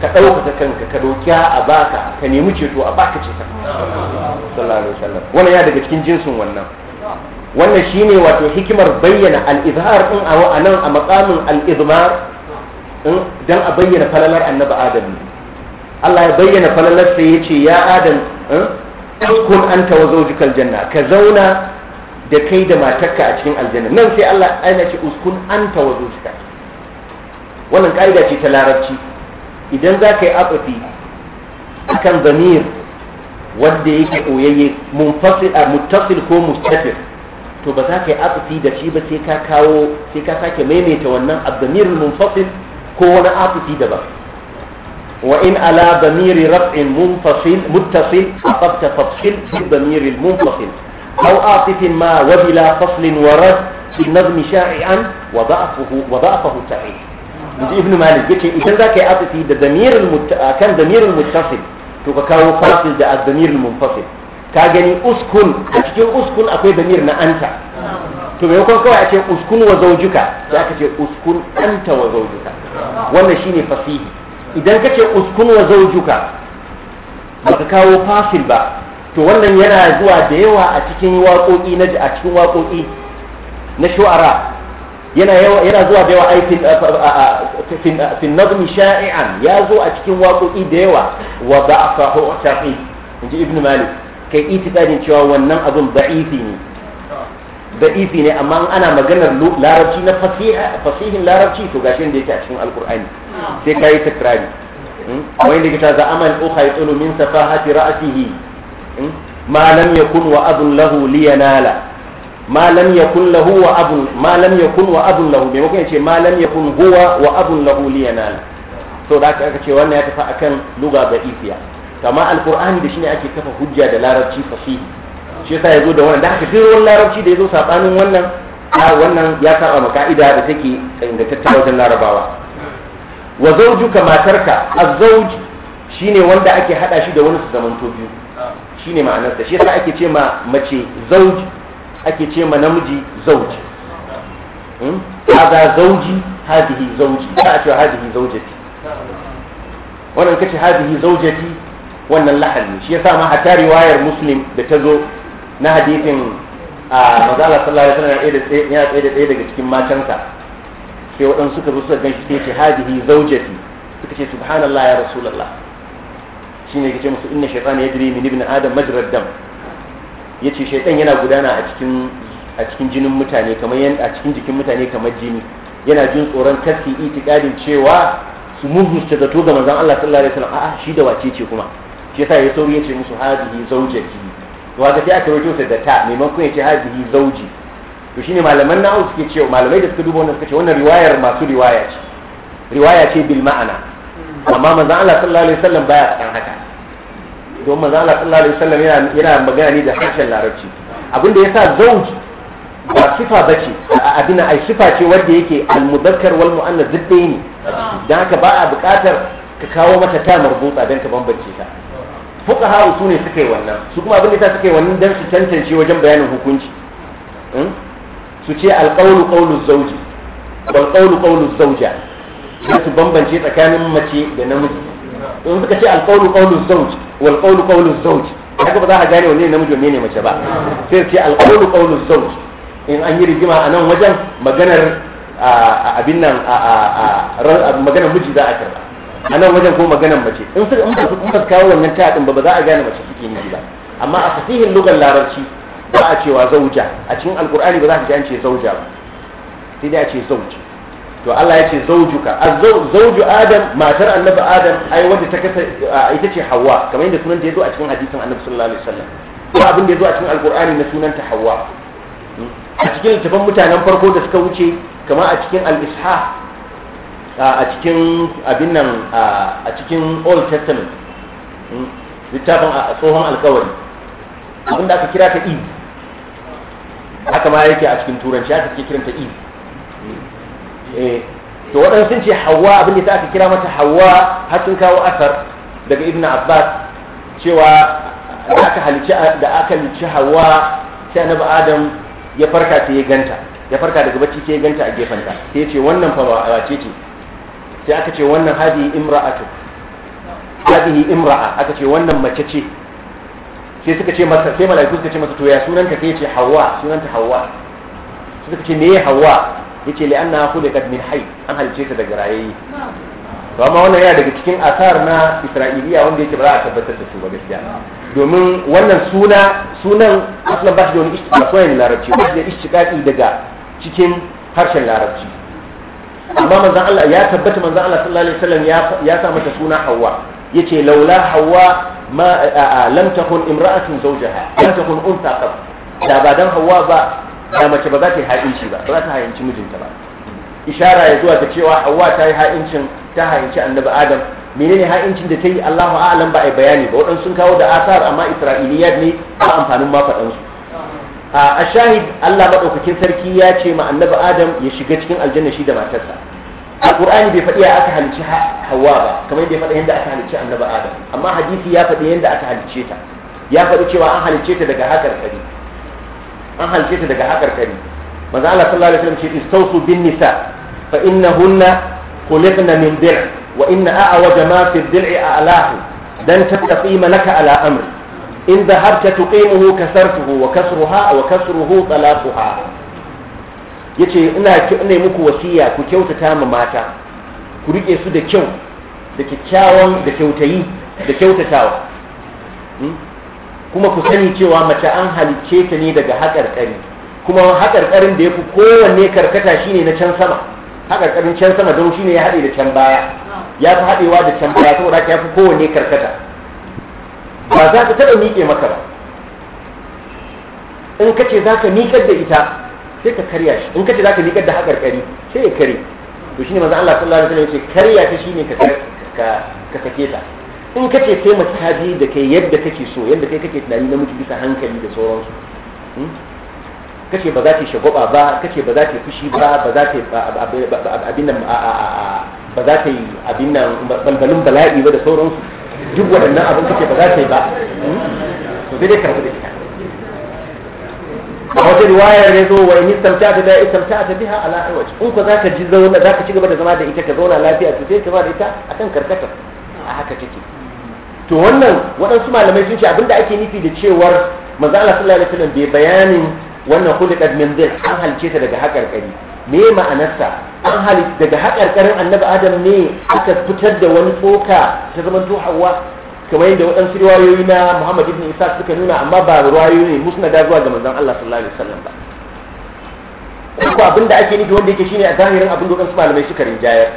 Speaker 2: ka dauka kanka ka doki a baka ka nemi ceto a baka ceto sallallahu alaihi wasallam wannan ya daga cikin jinsin wannan wannan shine wato hikimar bayyana al-izhar din a nan a maqamin al dan a bayyana falalar annabi adam Allah ya bayyana falalar sai ce ya adam kun anta wa zawjikal janna ka zauna da kai da matarka a cikin aljanna nan sai Allah aina ce uskun anta wa zawjika wannan kaida ce ta larabci idan za ka yi afafi akan zamir wanda yake koyayye munfasil muttasil ko mustafir to ba za ka yi afifi da shi ba sai ka kawo sai ka sake maimaita wannan abdamir munfasil ko wani da ba wa in ala damiri raf'in munfasil muttasil afafta tafsil fi damiri munfasil aw afifin ma wa bila faslin wa rad fi nazmi sha'i'an wa da'afuhu wa da'afuhu ta'id inji ibnu malik yace idan za ka yi afifi da damirin kan damirin muttasil to ka kawo fasil da ad-damirul munfasil ka gani uskun a cikin uskun akwai damir na anta to bai kwan kawai a ce uskun wa zaujuka Za ka ce uskun anta wa zaujuka wannan shine fasihi idan ka ce uskun wa zaujuka baka kawo fasil ba to wannan yana zuwa da yawa a cikin waƙoƙi na a cikin waƙoƙi na shu'ara yana yawa yana zuwa da yawa ai fin nazmi sha'i'an ya zo a cikin waƙoƙi da yawa wa ba'afahu ta'i inji ibn malik kai itikadin cewa wannan abin da'ifi ne da'ifi ne amma ana maganar larabci na fasihin larabci to gashin da yake a cikin alkur'ani sai ka yi takrari hmm? wani da kita za'aman uka ya tsulu min safahati ra'asihi hmm? ma lam yakun wa abun lahu liyanala ma lam yakun lahu wa abun ma lam yakun wa abun lahu me ya ce ma lam yakun huwa wa abun lahu liyanala to da aka ce wannan ya tafi akan luga da'ifiya kama alkur'ani da shine ake kafa hujja da larabci fasihi shi yasa yazo da wannan da haka sai wannan larabci da yazo sabanin wannan a wannan ya saba ma ka'ida da take ingantatta wajen larabawa wa zawjuka matarka azwaj shine wanda ake hada shi da wani su zamanto biyu shine ma'anar da shi yasa ake ce ma mace zawj ake ce ma namiji zawj hmm? hada zawji hadihi zawji ta ce hadihi zawjati wannan kace hadihi zawjati wannan lahadi shi yasa ma hatta riwayar muslim da ta zo na hadisin a mazala sallallahu alaihi wasallam yana tsaye da tsaye daga cikin matansa sai waɗansu suka zo suka ganshi sai ce hadihi zaujati suka ce subhanallah ya rasulullah shine yake ce musu inna shaytan yajri min ibn adam majrad dam yace shaytan yana gudana a cikin a cikin jinin mutane kamar yan a cikin jikin mutane kamar jini yana jin tsoron kasi itikadin cewa su mun ta zato ga manzon Allah sallallahu alaihi wasallam a'a shi da wace ce kuma shi yasa ya sauri ya ce musu hadihi zaujati to haka sai aka rawaito da ta maimakon ya ce hadihi zauji to shine malaman na'u suke ce. malamai da suka duba wannan suka ce wannan riwayar masu riwaya ce riwaya ce bil ma'ana amma manzon Allah sallallahu alaihi wasallam baya faɗan haka don manzon Allah sallallahu alaihi wasallam yana yana magana ne da harshen larabci abinda yasa zauji ba sifa bace abin ai sifa ce wanda yake al-mudakkar wal mu'annas duk ne dan haka ba a buƙatar ka kawo mata ta marbuta don ka bambance ta fuqaha su ne suka yi wannan su kuma abin da ta suka yi wannan dan su tantance wajen bayanin hukunci hmm? su ce alqawlu qawlu zawji wal qawlu qawlu zawja sai su bambance tsakanin mace da namiji in suka ce alqawlu qawlu zawji wal qawlu zauji zawji haka ba za a gane wanne namiji wanne ne mace ba sai su ce alqawlu qawlu zawji in an yi rigima a nan wajen maganar abin nan maganar miji za a karba a nan wajen ko maganan mace in su in su kuma kawo wannan ta ba ba za a gane mace suke nufi ba amma a fasihin lugar larabci ba a cewa zauja a cikin alkur'ani ba za ka ji an ce zauja ba sai dai a ce zauji to Allah ya ce zaujuka zauju adam matar annabi adam ai wanda ta kasa ita ce hawa kamar yadda sunanta yazo a cikin hadisin annabi sallallahu alaihi wasallam ko abin da yazo a cikin alkur'ani na sunanta hawa hmm? a cikin littafin mutanen farko da suka wuce kama a cikin al-ishaq a cikin abin nan a cikin old testament hmm? littafin a tsohon alkawari abin da aka kira ta eve haka ma yake a cikin turanci aka ke kiranta eve hmm? eh, to waɗansu sun ce hawa abin da aka kira mata hawa har sun kawo asar daga ibn abbas cewa da aka halici da aka halici hawa sai annabi adam ya farka sai ya ganta ya farka daga bacci sai ya ganta a gefenta sai ya ce wannan fa ba ce ce sai aka ce wannan hadihi imra'atu hadihi imra'a aka ce wannan mace ce sai suka ce masa sai mala'iku suka ce masa to ya sunanta sai ce hawa sunanta hawa suka ce me ya hawa yace li anna khuliqat min hayy an halice ta daga rayayi to amma wannan yana daga cikin asar na isra'iliya wanda yake ba za a tabbatar da su ba gaskiya domin wannan suna sunan aslan ba shi da wani ishtiqaqi ba larabci ba shi da ishtiqaqi daga cikin harshen larabci amma manzon Allah ya tabbata manzon Allah sallallahu alaihi wasallam ya sa mata suna Hawwa yace laula Hawwa ma lam takun imra'atun zawjaha lam takun unsa qab da ba dan Hawwa ba da mace ba za ta yi ha'inci ba ba za ta ha'inci mijinta ba ishara ya zuwa da cewa Hawwa ta yi ha'incin ta ha'inci annabi Adam menene ha'incin da ta yi Allahu a'lam ba ai bayani ba waɗansu sun kawo da asar amma Isra'iliyat ne ba amfanin ma faɗansu a shahid Allah madaukakin sarki ya ce ma annabi Adam ya shiga cikin aljanna shi da matarsa alqur'ani bai faɗi ya aka halicci hawa ba kamar yadda ya faɗa yadda aka halicci annabi Adam amma hadisi ya faɗi yadda aka halicce ta ya faɗi cewa an halicce ta daga hakar kari an halicce ta daga hakar kari manzo Allah sallallahu alaihi wasallam ce istawsu bin nisa fa innahunna khuliqna min dir' wa inna a'waja ma fi dir' a'lahu dan tattaqima laka ala amri in dhahabta tuqimuhu kasartuhu wa kasruha wa kasruhu talaquha yace ina ne muku wasiya ku kyautata ma mata ku rike su da kyau da kyakkyawan da kyautayi da kyautatawa kuma ku sani cewa mace an halicce ta ne daga haƙarƙari kuma haƙarƙarin da ya fi kowanne karkata shine na can sama haƙarƙarin can sama don shine ya haɗe da can baya ya fi haɗewa da can baya saboda ya fi kowanne karkata ba za ta taɓa miƙe maka ba in ka ce za ka miƙar da ita sai ka karya shi in ka ce za ka miƙar da haƙarƙari sai ya kare to shi ne maza Allah sallallahu alaihi wasallam ya ce karya ta shi ka ka sake ta in ka ce sai mace ta da kai yadda kake so yadda kai kake tunani na miji bisa hankali da sauransu hmm? Ka ce ba za ta yi shagwaba ba ka ce ba za ta yi fushi ba ba za ta abin nan ba za ta yi abin nan balbalin bala'i ba da sauransu duk waɗannan abin kake ba za ta yi ba to sai dai karɓi da ita
Speaker 3: a wata riwayar
Speaker 2: ne zo wani in istamta ta da istamta ta biha ala aiwaci in ko ka ji zauna ka ci gaba da zama da ita ka zauna lafiya to sai ka zama da ita kan karkatar a haka take to wannan waɗansu malamai sun ce abinda ake nufi da cewar manzo Allah sallallahu alaihi wasallam bai bayanin wannan khuliqat min dhil an halce ta daga haƙarƙari me ma'anarsa an halitta daga haƙarƙarin annabi adam ne aka fitar da wani tsoka ta zama to hawa kamar yadda waɗansu riwayoyi na muhammad ibn isa suka nuna amma ba riwayoyi ne musnada zuwa ga manzon allah sallallahu alaihi wasallam ba ko abin da ake nufi wanda yake shine a zahirin abin da waɗansu malamai suka rinjayar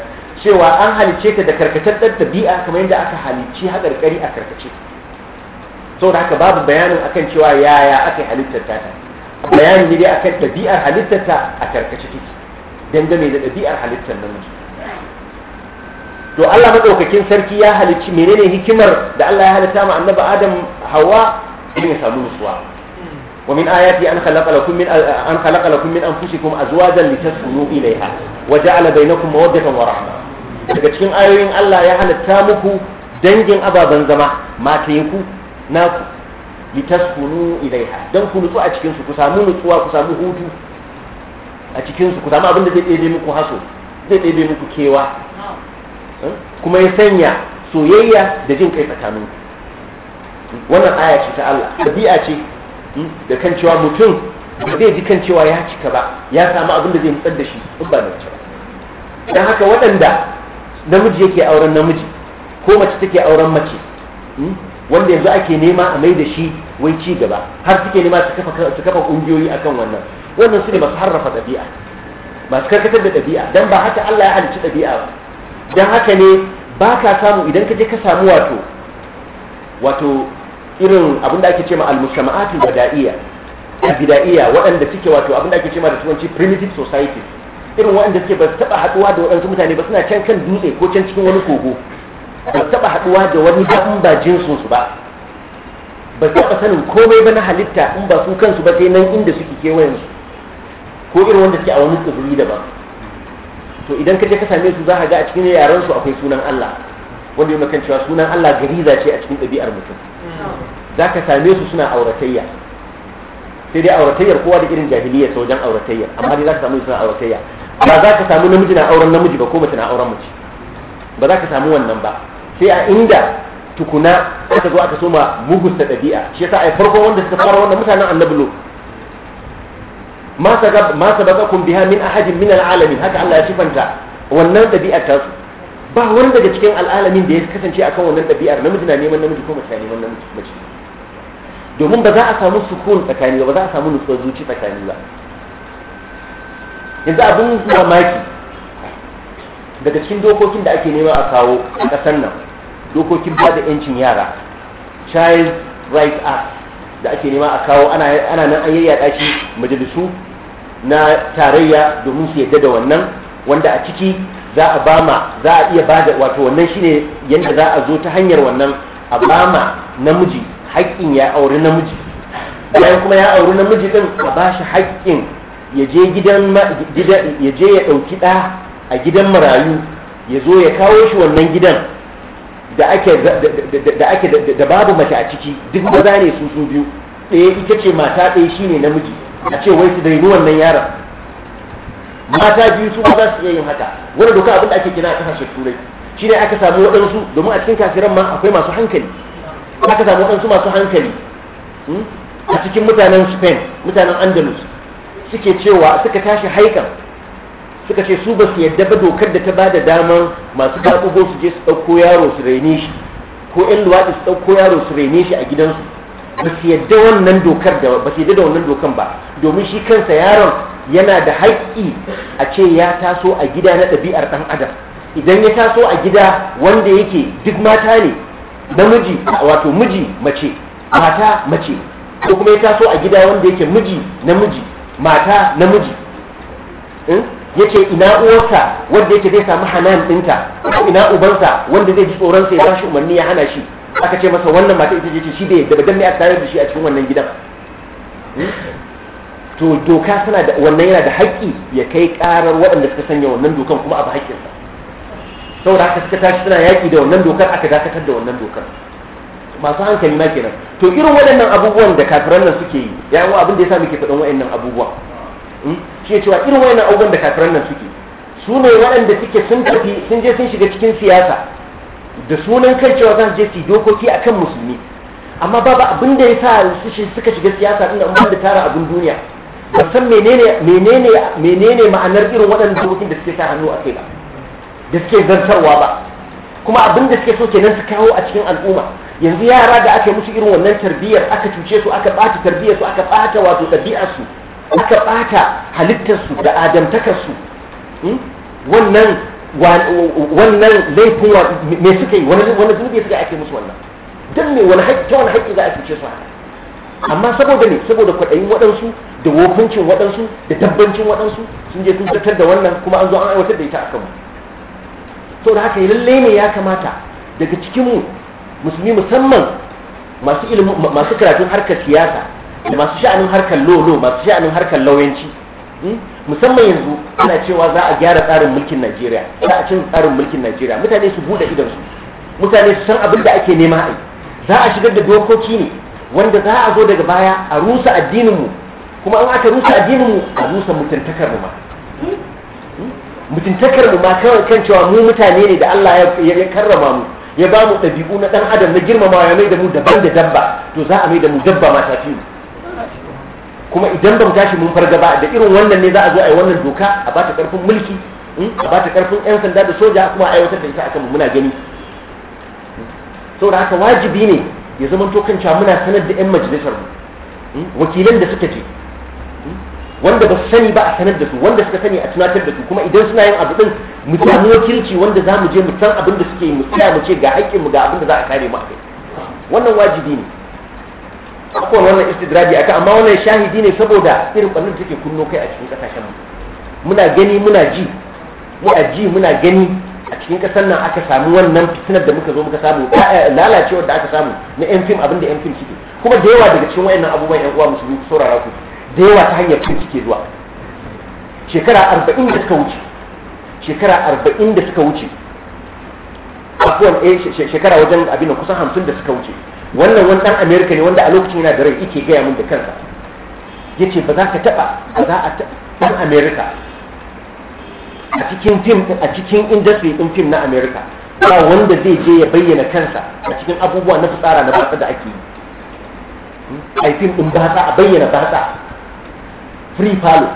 Speaker 2: cewa an halice ta da karkataccen ɗabi'a kamar yadda aka halicci haƙarƙari a karkace saboda haka babu bayanin akan cewa yaya aka halittar ta bayanin ne dai akan ɗabi'ar halittar ta a karkace take dangane da ɗabi'ar halittar namiji to Allah madaukakin sarki ya halicci menene hikimar da Allah ya halitta ma annabi Adam Hawa idan ya samu nutsuwa wa min ayati an khalaqa lakum min an khalaqa lakum min anfusikum azwajan litaskunu ilayha wa ja'ala bainakum mawaddatan wa rahma daga cikin ayoyin Allah ya halitta muku dangin ababen zama matayenku naku litaskunu ilaiha don ku nutsu a cikin su ku samu nutsuwa ku samu hutu a cikinsu ku samu abin da zai ɗebe muku haso zai ɗebe muku kewa eh, kuma ya sanya soyayya da jin kai tsakanin wannan aya ce ta Allah tabi'a ce hmm, da kan cewa mutum ba zai ji kan cewa ya cika ba ya samu abin da zai nutsar da shi in ba mace cewa. haka waɗanda namiji yake auren namiji ko mace take auren mace hmm, wanda yanzu ake nema a mai da shi wai ci gaba har suke nema su kafa ƙungiyoyi akan wannan wannan su ne masu harrafa ɗabi'a masu karkatar da ɗabi'a don ba haka Allah ya halicci ɗabi'a ba Don haka ne ba ka samu idan ka je ka samu wato wato irin abin da ake cewa al-mujtama'atu bada'iyya bida'iyya waɗanda suke wato abin da ake ma da turanci primitive society irin waɗanda suke ba su taɓa haɗuwa da waɗansu mutane ba suna can kan dutse ko can cikin wani kogo ba su taɓa haɗuwa da wani ba ba jinsu su ba ba su taɓa sanin komai ba na halitta in ba su kansu ba sai nan inda suke kewayen su ko irin wanda suke a wani tsibiri daban to idan ka je ka same su za ka ga a cikin yaran su akwai sunan Allah wanda ya makan cewa sunan Allah gariza ce a cikin ɗabi'ar mutum za ka same su suna auratayya sai dai auratayyar kowa da irin jahiliya sa wajen auratayyar, amma dai za ka samu suna auratayya ba za ka samu namiji na auren namiji ba ko mace na auren mace ba za ka samu wannan ba sai a inda tukuna aka zo aka soma mugusta ɗabi'a shi yasa ai farkon wanda suka fara wannan mutanen annabi ma sabaqakum biha min ahadin min alalamin haka Allah ya sifanta wannan dabi'ar ta su ba wani daga cikin alalamin da ya kasance akan wannan dabi'ar namiji na neman namiji ko mace na neman namiji mace domin ba za a samu sukun tsakani ba za a samu nutsuwar zuci tsakani ba yanzu abin mamaki daga cikin dokokin da ake nema a kawo a ƙasar nan dokokin ba da 'yancin yara child right act da ake nema a kawo ana nan an yayyada shi majalisu na tarayya domin su yadda da wannan wanda a ciki za a bama za a iya bada wato wannan shine yadda za a zo ta hanyar wannan a bama namiji haƙƙin ya auri namiji bayan kuma ya auri namiji din a shi haƙƙin ya je gidan ya je ya ɗauki ɗa a gidan marayu ya zo ya kawo shi wannan gidan da ake da ake da babu mace a ciki duk maza ne su su biyu ɗaya ita ce mata ɗaya shine namiji a ce wai su dainu wannan yaron mata biyu su za su iya yin haka wani doka abin da ake kina a hashe turai Shi ne aka samu waɗansu domin a cikin kafiran ma akwai masu hankali aka samu waɗansu masu hankali hmm, a cikin mutanen spain mutanen andalus suke cewa suka tashi haikan suka ce su ba su yadda ba dokar da ta ba da damar masu kaɓugo su je su ɗauko yaro su raine shi ko 'yan luwaɗi su ɗauko yaro su raine shi a gidansu ba su yadda wannan dokar da ba su yadda da wannan dokan ba domin shi kansa yaron yana da haƙƙi a ce ya taso a gida na ɗabi'ar ɗan adam idan ya taso a gida wanda yake duk mata ne namiji wato miji mace mata mace ko kuma ya taso a gida wanda yake miji namiji mata namiji hmm? yake ina uwarsa wanda yake zai samu hanan dinta ina ubansa wanda zai ji tsoron sa ya bashi umarni ya hana shi aka ce masa wannan mata ita ce shi bai da dan ne a tare da shi a cikin wannan gidan to doka suna da wannan yana da haƙƙi ya kai karar waɗanda suka sanya wannan dokan kuma abu sa saboda haka suka tashi suna yaƙi da wannan dokar aka dakatar da wannan dokar masu hankali ma kenan to irin waɗannan abubuwan da kafiran nan suke yi ya abin da ya sa muke faɗin waɗannan abubuwa Hmm? shi ya cewa irin wayannan abubuwan da kafiran nan suke su ne waɗanda suke sun tafi sun je sun shiga cikin siyasa da sunan kan cewa zan je su dokoki akan musulmi amma babu abin da ya sa su suka shiga siyasa din amma da tara abin duniya ba san menene ma'anar irin waɗannan dokokin da suke sa hannu a kai ba da suke zartarwa ba kuma abin da suke so kenan su kawo a cikin al'umma yanzu yara da aka yi musu irin wannan tarbiyyar aka cuce su aka ɓata tarbiyyar su aka ɓata wato ɗabi'ar su aka ɓata halittarsu da adamtakarsu hmm? wannan wannan laifin me suka yi wani zunubi suka ake musu wannan don me wani haƙƙi wani haƙƙi za a fice su haka amma saboda ne saboda kwaɗayin waɗansu da wofincin waɗansu da tabbancin waɗansu sun je sun zartar da wannan kuma an zo an aiwatar da ita a kanmu to da haka lalle ne ya kamata daga cikinmu musulmi musamman masu ilimin masu karatun harkar siyasa da masu sha'anin harkar lolo masu sha'anin harkar lauyanci hmm? musamman yanzu ana cewa za a gyara tsarin mulkin Najeriya za a cin tsarin mulkin Najeriya mutane su buɗe idan su mutane su san abin da ake nema a za a shigar da dokoki ne wanda za a zo daga baya a rusa addinin mu kuma an aka rusa addinin mu a rusa mutuntakar mu ma hmm? mutuntakar mu ma kawai kan cewa mu mutane ne da Allah ya karrama mu ya ba mu ɗabi'u na ɗan adam na girmamawa ya mai da mu daban da dabba to za a mai da mu dabba ma tafi kuma idan ba mu tashi mun farga ba da irin wannan ne za a zo a yi wannan doka a bata karfin mulki hmm, a bata karfin yan sanda da soja kuma a aiwatar da ita akan muna gani saboda haka wajibi ne ya zama to cewa muna sanar da yan majalisar mu hmm, wakilan da suka je
Speaker 3: hmm, wanda
Speaker 2: ba su sani ba a sanar da su wanda suka sani a tunatar da su kuma idan suna yin abu din mu samu wakilci wanda za mu je mu san abin da suke yi mu tsaya mu ce ga haƙƙin mu ga abin da za a kare mu a kai wannan wajibi ne akwai wannan istidraji aka amma wannan shahidi ne saboda irin ɓannin take kunno kai a cikin ƙasashen mu muna gani muna ji muna ji muna gani a cikin ƙasar nan aka samu wannan fitinar da muka zo muka samu eh, lalacewar da aka samu na yan fim abinda yan fim suke kuma da yawa daga cikin wayannan abubuwan yan uwa musulmi ku saurara ku da yawa ta hanyar fim suke zuwa shekara arba'in da suka wuce shekara arba'in da suka wuce afuwan eh, shekara wajen abin kusan hamsin da suka wuce wannan wani dan Amerika ne wanda a lokacin yana da rai yake gaya min da kansa Ya ce ba za ka taɓa a za a taɓa ɗan Amerika a cikin fim a cikin industry ɗin fim na Amerika. ba wanda zai je ya bayyana kansa a cikin abubuwa na fitsara na batsa da ake yi yi hmm? fim ɗin batsa a bayyana batsa free palo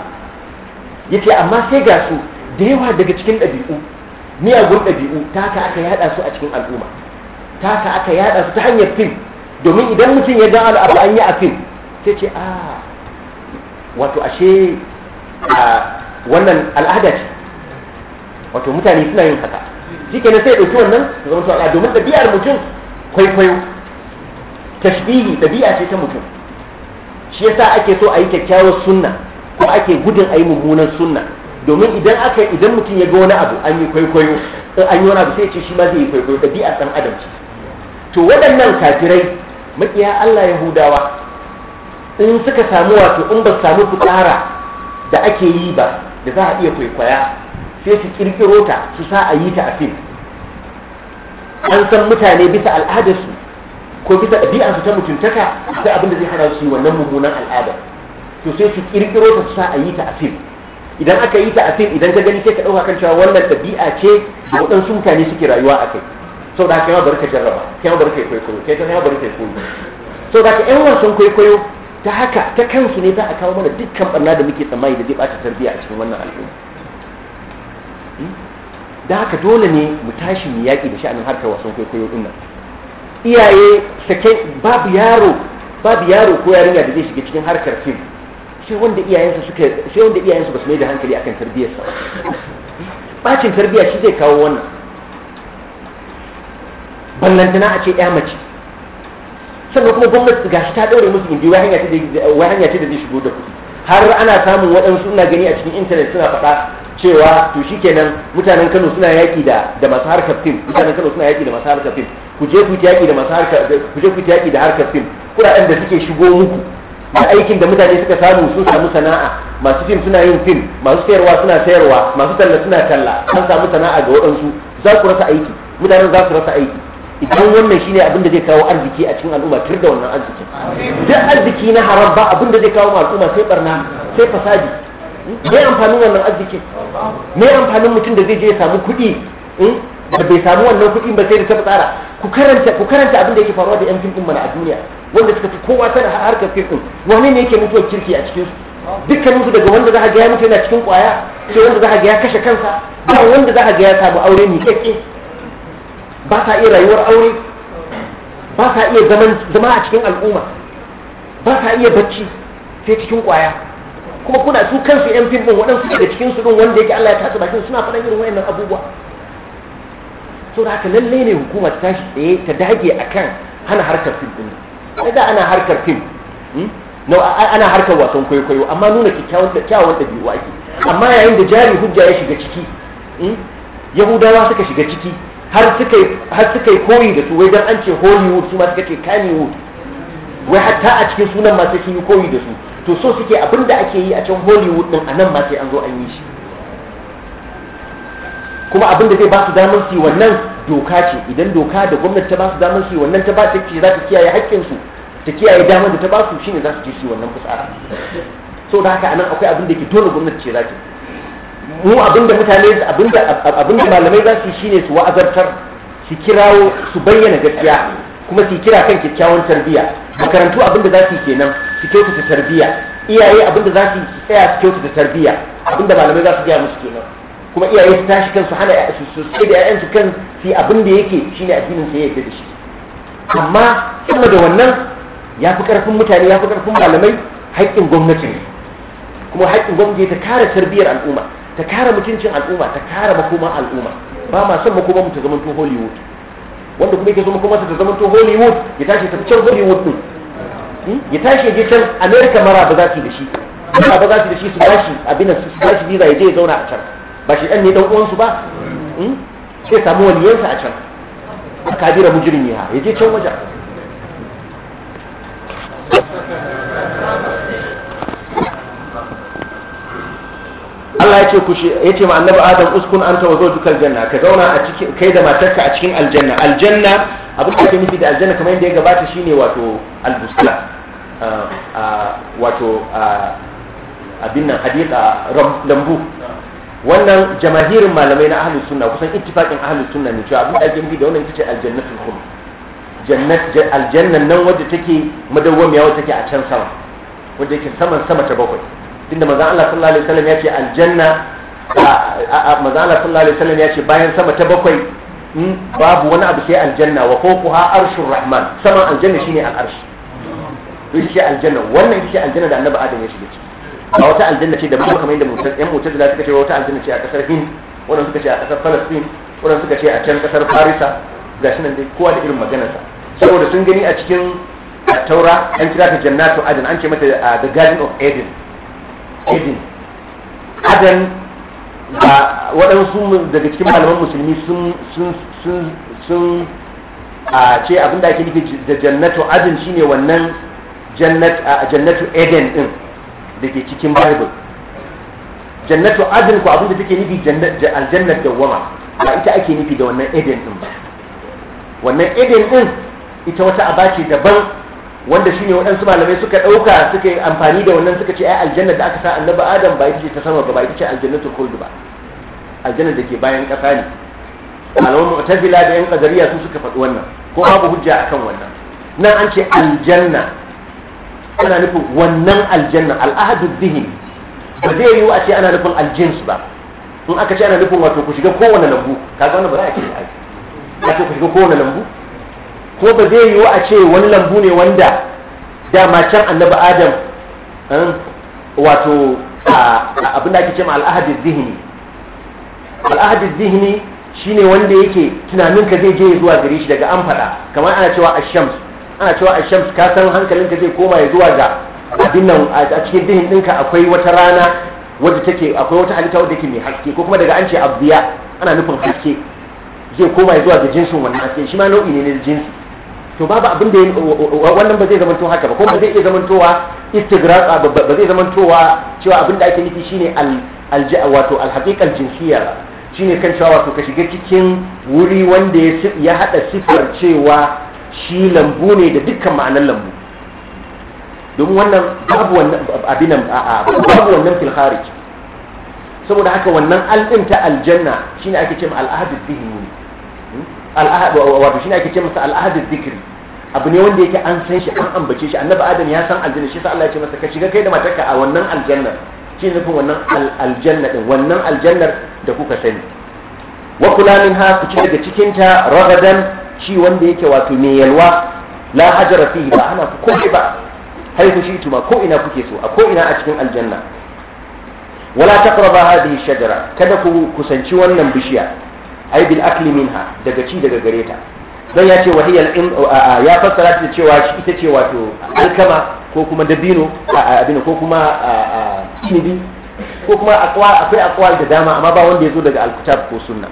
Speaker 2: ce amma sai ga su da yawa daga cikin ɗabi'u miyagun ɗabi'u ta haka aka yada su a cikin al'umma taka aka yada su ta hanyar fim domin idan mutum ya ga abu an yi a fim sai ce a ah, wato ashe wannan al'ada ce wato mutane suna yin haka shi kenan sai ɗauki wannan su zama su al'ada ah, domin ɗabi'ar mutum kwaikwayo tashbihi ɗabi'a ce ta mutum shi yasa ake so a yi kyakkyawar sunna ko ake gudun a yi mummunan sunna domin idan aka idan mutum ya ga wani abu an yi kwaikwayo in an yi wani abu sai ce shi ma zai yi kwaikwayo ɗabi'ar ɗan adam ce to waɗannan kafirai makiya Allah Ya hudawa in suka samu wato in ba samu fitara da ake yi ba da za a iya kwaikwaya sai su kirkiro ta su sa a yi ta a fil an san mutane bisa al'adarsu ko bisa ɗabi'arsu ta mutuntaka da abin da zai hana su yi wannan mummunan al'ada to sai su kirkiro ta su sa a yi ta a fil idan aka yi ta a fil idan ka gani sai ka ɗauka kan cewa wannan ɗabi'a ce da waɗansu mutane suke rayuwa a kai sau da kai bari ka jarraba kai bari kai kwaikwayo kai ta bari kai koyi sau da kai yan wasan kwaikwayo ta haka ta kansu ne za a kawo mana dukkan barna da muke tsammani da zai bata tarbiyya a cikin wannan al'umma hmm? da haka dole ne mu tashi mu yaƙi da sha'anin harkar wasan kwaikwayo din nan iyaye sake babu yaro babu yaro ko yarinya da zai shiga cikin harkar fim sai wanda iyayensa suka sai wanda iyayensa basu mai da hankali akan tarbiyyarsa bacin tarbiyya shi zai kawo wannan ballantana a ce ya mace sannan kuma gwamnati ga shi ta ɗaure musu gindi wai hanya ce da zai shigo da kuɗi har ana samun waɗansu ina gani a cikin intanet suna faɗa cewa to shikenan mutanen Kano suna yaƙi da da masu harkar fim mutanen Kano suna yaƙi da masu harkar fim ku je ku yaƙi da masu harkar ku je ku yaƙi da harkar fim kuɗaɗen da suke shigo muku da aikin da mutane suka samu sun samu sana'a masu fim suna yin fim masu sayarwa suna sayarwa masu talla suna talla an samu sana'a ga waɗansu za ku rasa aiki mutanen za su rasa aiki idan wannan shine abin da zai kawo arziki a cikin al'umma tur da wannan arziki duk arziki na haram ba abin da zai kawo ma al'umma sai barna sai fasadi me amfanin wannan arziki me amfanin mutum da zai je ya samu kuɗi hmm, da bai samu wannan kuɗin ba sai da ta tsara ku karanta ku karanta abin da yake faruwa da yan fim din mana a duniya wanda suka fi kowa sana harkar fim din wani ne yake mutuwar kirki a cikin su dukkan su daga wanda za ga ya mutu yana cikin kwaya sai wanda za ga ya kashe kansa ba wanda za ga ya samu aure ne kake ba sa iya rayuwar aure ba sa iya zama a cikin al'umma ba sa iya bacci sai cikin kwaya kuma kuna su kansu yan fim din waɗansu daga cikin su din wanda yake Allah ya tasu bakin suna faɗan irin wayannan abubuwa to da haka lalle ne hukuma ta tashi tsaye ta dage akan hana harkar fim din da ana harkar fim hmm? ana harkar wasan kwaikwayo amma nuna kyakkyawan ɗabi'u ake amma yayin da jari hujja ya shiga ciki hmm? yahudawa suka shiga ciki har suka yi koyi da su wai dan an ce Hollywood su ma suka ce Kannywood wai hatta a cikin sunan masu sun yi koyi da su to so suke abinda ake yi a can Hollywood din a nan ma sai an zo an yi shi kuma abin da zai ba su damar su wannan doka ce idan doka da gwamnati ta ba su damar su wannan ta ba ta ce za ta kiyaye haƙƙinsu ta kiyaye damar da ta ba su shine za su je su wannan fusara so da haka anan akwai abin da ke dole gwamnati ce za ta mu abinda mutane abinda abinda malamai za su shine su wa'azartar su kirawo su bayyana gaskiya kuma su kira kan kyakkyawan tarbiyya makarantu abinda za su kenan su kyautata tarbiyya iyaye abinda za su tsaya su kyautata tarbiyya abinda malamai za su gaya musu kenan kuma iyaye su tashi kansu hana su sai da ƴaƴansu kan su abinda yake shine addinin sa yake da shi amma kuma da wannan ya fi ƙarfin mutane ya fi ƙarfin malamai haƙƙin gwamnati ne kuma haƙƙin gwamnati ta kare tarbiyyar al'umma ta kare mutuncin al'umma ta kare makoman al'umma ba ma son makoman ta zama to hollywood wanda kuma yake so makoman ta zama to hollywood ya tashi ta fice hollywood din hmm? ya tashi ya je can america mara ba za su da shi mara ba za su da shi su bashi abin su bashi visa ya je ya zauna a can ba shi dan ne dan uwansu ba hmm? sai samu waliyansa a can a kabira mujrimiha ya je can wajen
Speaker 3: Allah ya ce ku shi ya ce ma annabi Adam
Speaker 2: uskun anta wa zawjuka aljanna ka zauna a cikin kai da matarka a cikin aljanna aljanna abin da ake nufi da aljanna kamar yadda ya gabata shine wato albusla ah, ah, wato ah, abin nan hadika lambu wannan jamahirin malamai na ahlus sunna kusan ittifaqin ahlus sunna ne cewa abin da ake nufi da wannan ita ce aljannatul khulud jannat aljannan nan wadda take madawwamiya wadda take a can sama wadda yake saman sama ta bakwai inda manzon Allah sallallahu alaihi wasallam yace aljanna manzon Allah sallallahu alaihi wasallam yace bayan sama ta bakwai hmm, babu wani abu sai aljanna wa fawqaha arshur rahman sama aljanna shine al al'arsh shi aljanna wannan shi aljanna da annabi adam ya shiga ciki a wata aljanna ce da ba kamar yadda mutum yan mutum da suka ce wata aljanna ce a kasar hind wannan suka ce a kasar palestine wannan suka ce a can kasar farisa gashi nan dai kowa da irin maganarsa saboda sun gani a cikin taura an kira ta jannatu adin an ce mata uh, the garden of eden idin adan ba waɗansu daga cikin malaman musulmi sun a ce abin da ake nufi da jannatu adin shine wannan jannatu eden din da ke cikin bible jannatu adin ko abin da take nufi aljannat wama ba ita ake nufi da wannan eden din ba wannan eden din ita wata abace daban wanda shi ne waɗansu malamai suka ɗauka suka yi amfani da wannan suka ce ai aljanna da aka sa annabi adam ba ita ce ta sama ba ba ita ce aljannatul khuld ba aljanna da ke bayan ƙasa ne malaman mu'tazila da yan qadariya su suka faɗi wannan ko babu hujja akan wannan nan an ce aljanna ana nufin wannan aljanna al'ahadu dhihni ba zai yiwu a ce ana nufin aljins ba in aka ce ana nufin wato ku shiga kowane lambu kaga wannan ba za a ce ai ku shiga kowane lambu ko ba zai yiwu a ce wani lambu ne wanda dama can annabi adam wato abin da ake ce al'ahadin zihini al'ahadin zihini shine wanda yake tunaninka zai je zuwa gare shi daga an faɗa kamar ana cewa ashams ana cewa ashams ka san hankalinka zai koma ya zuwa ga abin nan a cikin zihin ɗinka akwai wata rana wadda take akwai wata halitta wadda take mai haske ko kuma daga an ce abdiya ana nufin haske zai koma ya zuwa ga jinsin wannan haske shi ma nau'i ne na jinsi to babu abin da wannan ba zai zamanto haka ba ko ba zai iya zamantowa istigraq ba zai zamantowa cewa abin da ake nufi shine al wato al-haqiqal jinsiyya ba shine kan cewa wato ka shiga cikin wuri wanda ya hada sifar cewa shi lambu ne da dukkan ma'anar lambu domin wannan babu wannan abinan babu wannan fil kharij saboda haka wannan al'inta aljanna shine ake cewa al-ahadu dhihni al'ahad wato shine ake ce masa al'ahad zikri abu ne wanda yake an san shi an ambace shi annabi adam ya san aljanna shi sa Allah ya ce masa ka shiga kai da matarka a wannan aljannar shi nufin wannan aljanna din wannan aljannar da kuka sani wa kula min ha ku ci daga cikin ta ragadan shi wanda yake wato mai yalwa la hajara fihi ba ana ku komai ba haihu shi tuma ko ina kuke so a ko ina a cikin aljanna wala taqraba hadhihi shajara kada ku kusanci wannan bishiya ai bil akli minha daga ci daga gareta, ta dan ya ce wa hiya ya fassara ta cewa ita ce wato alkama ko kuma dabino abin ko kuma inibi ko kuma akwai akwai da dama amma ba wanda ya zo daga alkitab ko sunna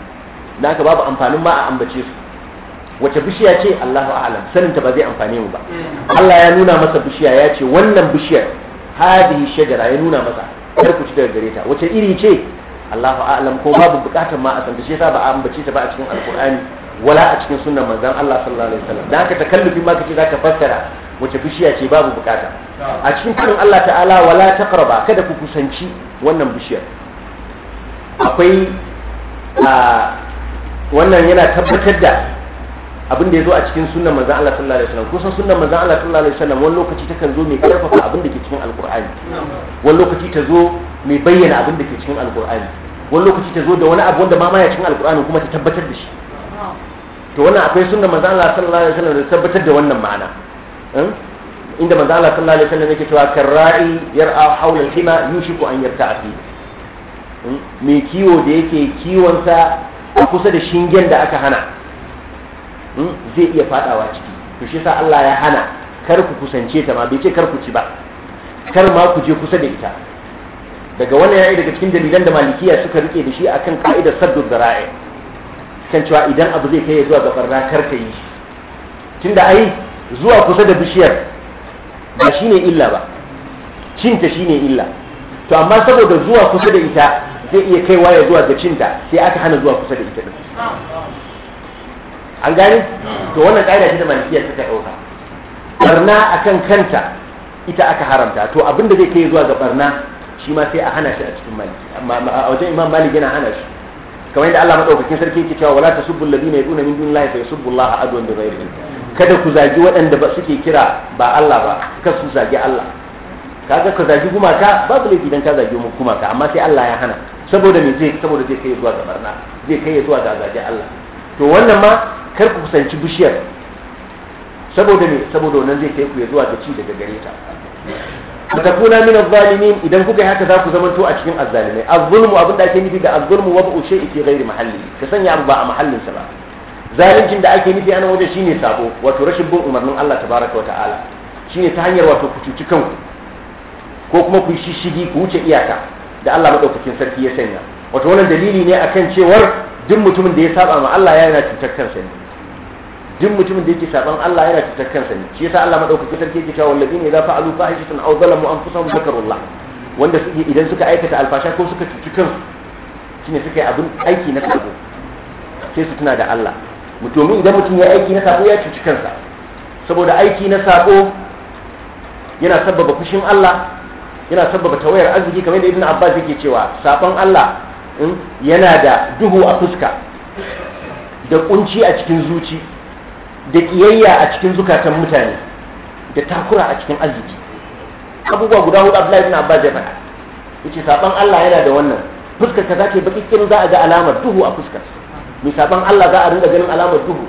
Speaker 2: dan haka babu amfanin ma a ambace su wace bishiya ce Allahu a'lam sanin ta ba zai amfane mu ba Allah ya nuna masa bishiya ya ce wannan bishiyar hadi shajara ya nuna masa kar ku ci daga gareta wace iri ce Allahu a'lam ko babu bukatar ma a san shi yasa ba a ambace ta ba a cikin alqur'ani wala a cikin sunnar manzon Allah sallallahu alaihi wasallam dan haka takallufi ma kace zaka fassara wace bishiya ce babu bukata a cikin fadin Allah ta'ala wala taqraba kada ku kusanci wannan bishiyar akwai wannan yana tabbatar da abin da ya zo a cikin sunan manzan Allah sallallahu alaihi wasallam kusan sunan manzan Allah sallallahu alaihi wasallam wani lokaci ta kan zo mai karfafa abin da ke cikin alqur'ani wani lokaci ta zo mai bayyana abin da ke cikin alqur'ani wani lokaci ta zo da wani abu wanda ma ya cikin alqur'ani kuma ta tabbatar da shi to wannan akwai sunan manzan Allah sallallahu alaihi wasallam da tabbatar da wannan ma'ana hmm? inda manzan Allah sallallahu alaihi wasallam yake cewa karra'i yar'a hawla al-hima yushiku an yarta'a fi hmm? mai kiwo da yake kiwon sa a kusa da shingen da aka hana zai iya fadawa ciki to shi sa Allah ya hana kar ku kusance ta ma bai ce kar ku ci ba kar ma ku je kusa da ita daga wannan yayi daga cikin dalilan da malikiya suka rike da shi akan ka'idar saddu zara'i kan cewa idan abu zai kai zuwa ga barna kar ka yi shi tunda ai zuwa kusa da bishiyar ba shine illa ba cinta shine illa to amma saboda zuwa kusa da ita zai iya kaiwa ya zuwa ga cinta sai aka hana zuwa kusa da ita an gane to wannan ƙa'ida ce da malikiya suka ɗauka barna akan kanta ita aka haramta to abin da zai kai zuwa ga barna shi ma sai a hana shi a cikin maliki a wajen imam malik yana hana shi kamar yadda Allah madaukakin sarki yake cewa wala tasubbu alladhina yad'una min dunillahi fa yasubbu Allah adwan bi ghairi kada ku zagi waɗanda ba suke kira ba Allah ba kada su zagi Allah kaga ka zagi gumaka babu laifi dan ka zagi gumaka amma sai Allah ya hana saboda me zai saboda zai kai zuwa ga barna zai kai zuwa ga zagi Allah to wannan ma kar ku kusanci bishiyar saboda me saboda wannan zai kai ku ya zuwa gaci daga gare ta fatakuna min az-zalimin idan kuka yi haka za ku zamanto a cikin az-zalimai az-zulmu abin da ake nufi da az-zulmu wa shay'i fi ghairi mahalli ka sanya abu ba a mahallin sa ba zalincin da ake nufi anan wajen shine sabo wato rashin bin umarnin Allah tabaraka wa ta'ala shine ta hanyar wato ku cuci kanku ko kuma ku shishigi ku wuce iyaka da Allah madaukakin sarki ya sanya wato wannan dalili ne akan cewar jin mutumin da ya saba ma Allah yana cutar kansa ne jin mutumin da yake saban Allah yana cutar kansa ne shi yasa Allah madaukakin sarki yake cewa wallazina idza fa'alu fahishatan aw zalamu anfusahum zakarullah wanda suke idan suka aikata alfasha ko suka cuci kansu shine suka yi abin aiki na sabo sai su tuna da Allah mutumin idan mutum ya aiki na sabo ya cuci kansa saboda aiki na sabo yana sabbaba fushin Allah yana sabbaba tawayar arziki kamar yadda Ibn Abbas yake cewa saban Allah yana da duhu a fuska da kunci a cikin zuci da kiyayya a cikin zukatan mutane da takura a cikin arziki abubuwa guda hudu abdullahi ibn abbas ya faɗa yace saban Allah yana da wannan fuskar ta zake baki kin za a ga alamar duhu a fuskar mai saban Allah za a rinka ganin alamar duhu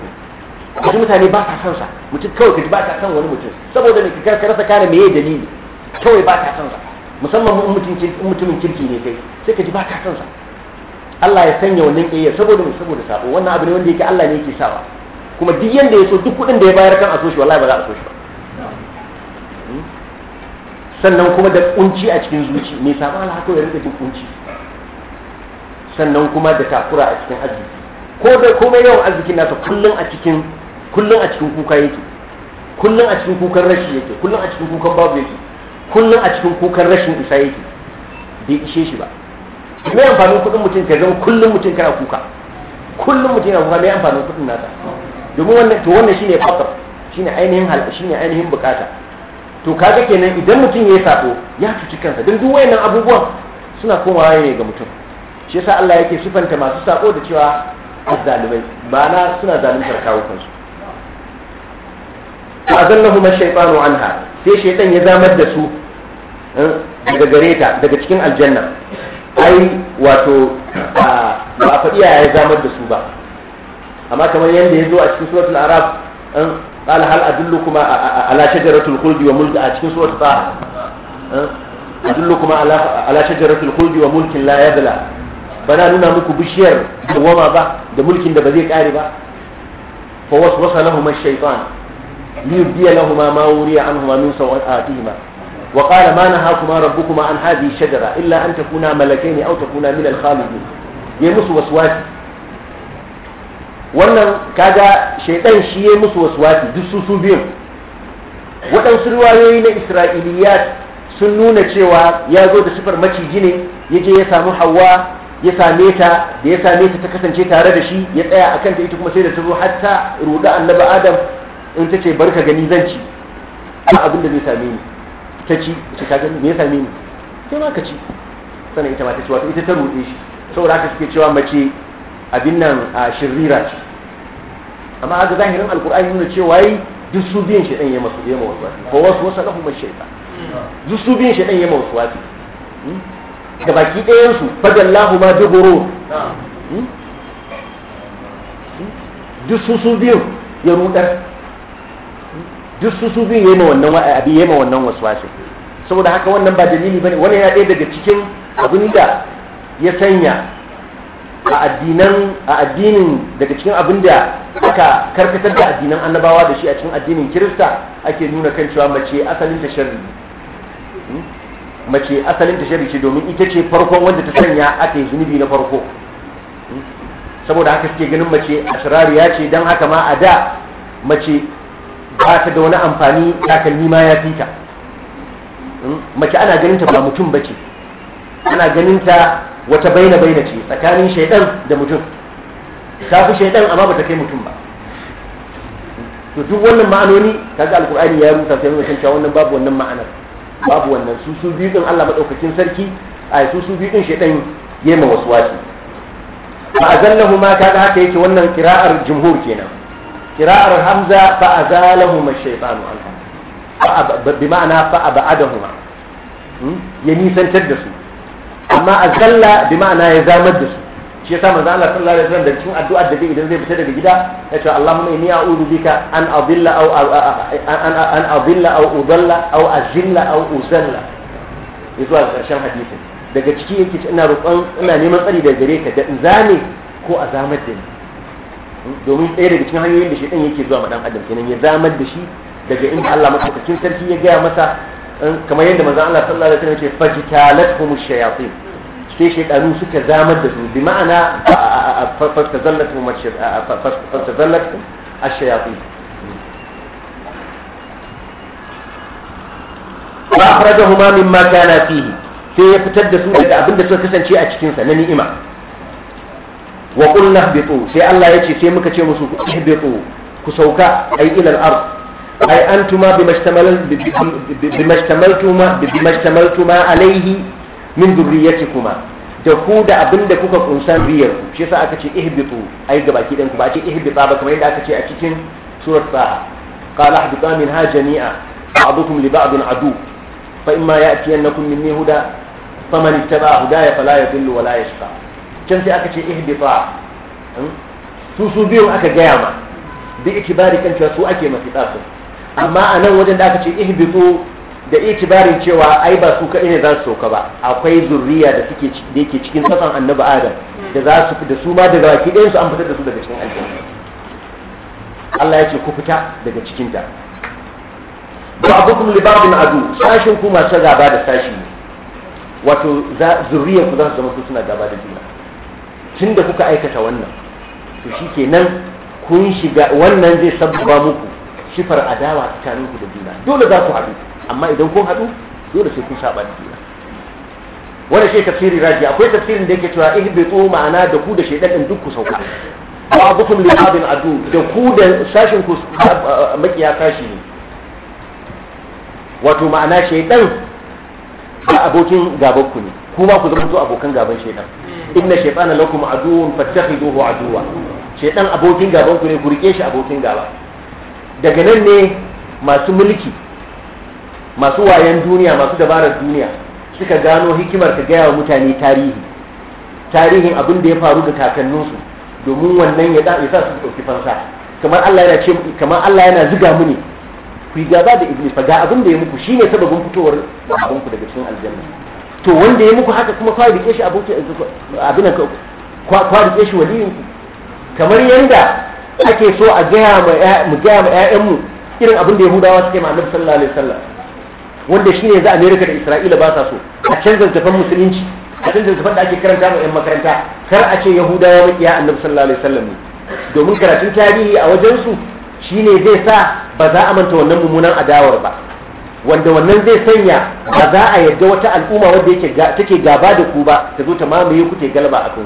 Speaker 2: kaji mutane ba sa san sa mutum kawai kaji ba ta son wani mutum saboda ne ka rasa kana meye dalili kawai ba ta son sa musamman mutumin kirki ne kai sai kaji ba ta son sa Allah ya sanya wannan kiyaye saboda mu saboda sabo wannan abu ne wanda yake Allah ne yake sawa kuma duk yanda ya so duk kuɗin da ya bayar kan a so shi wallahi ba za a so shi ba hmm? sannan kuma da kunci a cikin zuci mai sabo Allah haka ya rinka jin kunci sannan kuma da takura a cikin arziki ko da komai yawan arzikin nasa kullum a cikin kullum a cikin kuka yake kullum a cikin kukan rashi yake kullum a cikin kukan babu yake kullum a cikin kukan rashin isa yake bai ishe shi ba me amfanin kuɗin mutum ke zama kullum mutum kana kuka kullum mutum yana kuka me amfanin kuɗin nasa domin wannan to wannan shine fakar shine ainihin hal shine ainihin bukata to kaga kenan idan mutum ya sako ya cuci kansa don duk wayannan abubuwan suna komawa ne ga mutum shi yasa Allah yake sifanta masu sako da cewa azzalimai ma'ana suna zaluntar kawo kansu wa azallahum ash-shaytanu anha sai shaytan ya zamar da su eh, daga gareta daga cikin aljanna ai wato ba a faɗi ya zamar da su ba amma kamar yadda ya zo a cikin suratul arab an qala hal adullukum ala shajaratul khuldi wa mulk a cikin suratul ta adullukum ala ala shajaratul khuldi wa mulkin la yabla bana nuna muku bishiyar dawama ba da mulkin da ba zai kare ba fa waswasa lahum ash-shaytan liyudiya lahum ma wuriya anhum min sawatihima وقال ما نهاكما ربكما عن هذه الشجرة إلا أن تكونا ملكين أو تكونا من الخالدين يمس وسواسي wannan kaga shaiɗan shi ya musu waswasi duk su su biyu waɗansu ruwayoyi na isra'iliyat sun nuna cewa ya zo da sifar maciji ne ya je ya samu hawa ya same ta da ya same ta ta kasance tare da shi ya tsaya a kanta ita kuma sai da ta zo hatta ruɗa annabi adam in ta ce barka gani zan ci abin da zai same ni ta ci ta ka gani me ya same ni sai ma ka ci sannan ita ma ta ci wato ita ta ruɗe shi saboda haka suke cewa mace abin nan a shirira ce amma haka zahirin alkur'ani nuna cewa yi duk su biyan shi dan ya masu ya mawasu wasu ko wasu wasu ɗan kuma shaita duk su biyan shi dan ya mawasu wasu
Speaker 3: hmm? ga baki ɗayansu lahu ma dogoro hmm? hmm?
Speaker 2: duk su su biyan ya rudar duk su su biyun ma wannan abin ma wannan waswasi saboda haka wannan ba dalili bane Wani ya ɗaya daga cikin abin da ya sanya a addinan a addinin daga cikin abin da aka karkatar da addinan annabawa da shi a cikin addinin kirista ake nuna kan cewa mace asalin ta sharri hmm? mace asalin ta sharri ce domin ita ce farkon wanda ta sanya aka yi zunubi na farko hmm? saboda haka suke ganin mace asirariya ce don haka ma a da mace ba ta da wani amfani takalmi ma ya fita hmm? mace ana ganin ta ba mutum ba ce ana ganin ta wata baina baina ce tsakanin shaidan da mutum ta fi shaidan amma ba ta kai mutum ba to duk wannan ma'anoni ga alkur'ani ya rusa sai mun cewa wannan babu wannan ma'anar babu wannan su su biyu din Allah madaukakin sarki a su su biyu din shaidan yema waswasi fa azallahu ma kaga haka yake wannan kira'ar jumhur kenan kira'ar hamza fa a shaytanu anha bi ma'ana fa a huma. ya nisantar da su amma zalla bi ma'ana ya zamar da su shi sa manzo Allah sallallahu alaihi wasallam da cikin addu'ar da idan zai fita daga gida ya ce Allahumma inni a'udhu bika an adilla aw an an adilla aw udalla aw azilla aw uzalla zuwa ƙarshen hadisin daga ciki yake ina roƙon ina neman tsari daga gare ka da in zame ko a zamar da ni domin ɗaya daga cikin hanyoyin da shaitan yake zuwa ma dan adam kenan ya zamar da shi daga inda Allah madaukakin sarki ya gaya masa kamar yadda manzon Allah sallallahu alaihi wasallam yake fajitalatkum shayatin sai shaitanu suka zamar da su bi ma'ana fastazallatu fastazallatu ash-shayatin fa akhrajahuma mimma kana fihi sai ya fitar da su daga abin da suka kasance a cikin sa na ni'ima wa qulna bitu sai Allah yace sai muka ce musu ihbitu ku sauka ai ila al-ard ay antuma bimashtamaltuma bimashtamaltuma alayhi min dhurriyyatikuma da ku da abin da kuka kunsan riyar ku shi yasa aka ce ihbitu ay gabaki dan ku ba a ce ihbita ba kamar yadda aka ce a cikin surat taha qala ihbita minha jami'a ba'dukum li ba'd adu fa imma ya'tiyannakum minni huda faman ittaba hudaya fala yadhillu wala la yashqa can sai aka ce ihbita hmm? su su biyun aka gaya ma bi itibari kan cewa su ake mafi tsafi amma a nan wajen da aka ce ihbitu da itibarin cewa ai ba su kaɗai ne za su sauka ba akwai zurriya da suke da yake cikin tsafan annabi adam da za su da su ma daga baki ɗayan su an fitar da su daga cikin aljanna Allah ya ce ku fita daga cikin ta ba'dukum li ba'din adu sashin ku masu gaba da sashi wato zurriyar ku za su zama su suna gaba da juna tun da kuka aikata wannan to shi ke nan kun shiga wannan zai sabba muku shifar adawa ku da juna dole za ku haɗu amma idan kun haɗu dole sai kun saba da juna wannan shi tafsiri raji akwai tafsirin da yake cewa ihbitu ma'ana da ku da shaiɗan din duk ku sauka ba'dukum li ba'din adu da ku da sashin ku makiya kashi ne wato ma'ana shaidan abokin gaban ne kuma ku zama abokan gaban shaitan inna shaitana lakum aduwwun fattakhiduhu aduwwa shaitan abokin gaban ku ne ku rike shi abokin gaba daga nan ne masu mulki masu wayan duniya masu dabarar duniya suka gano hikimar ka gaya wa mutane tarihi tarihin abin da ya faru ga kakanninsu domin wannan ya da isa su ɗauki fansa kamar Allah yana ce kamar Allah yana ziga mu ne ku yi gaba da iblis fa ga abin da ya muku shine sababin fitowar abin ku daga cikin aljanna to wanda ya muku haka kuma kwari ke shi abokin abin kwari ke shi waliyin ku kamar yanda ake so a gaya mu gaya ma ƴaƴanmu irin abin da Yahudawa suke ma Annabi sallallahu alaihi wasallam wanda shine yanzu America da Isra'ila ba sa so a canza zafan musulunci a canza zafan da ake karanta ma ƴan makaranta kar a ce Yahudawa makiya Annabi sallallahu alaihi wasallam ne domin karatun tarihi a wajen su shine zai sa ba za a manta wannan mummunan adawar ba wanda wannan zai sanya ba za a yarda wata al'umma wanda yake take gaba da ku ba ta zo ta mamaye ku ta galba a ku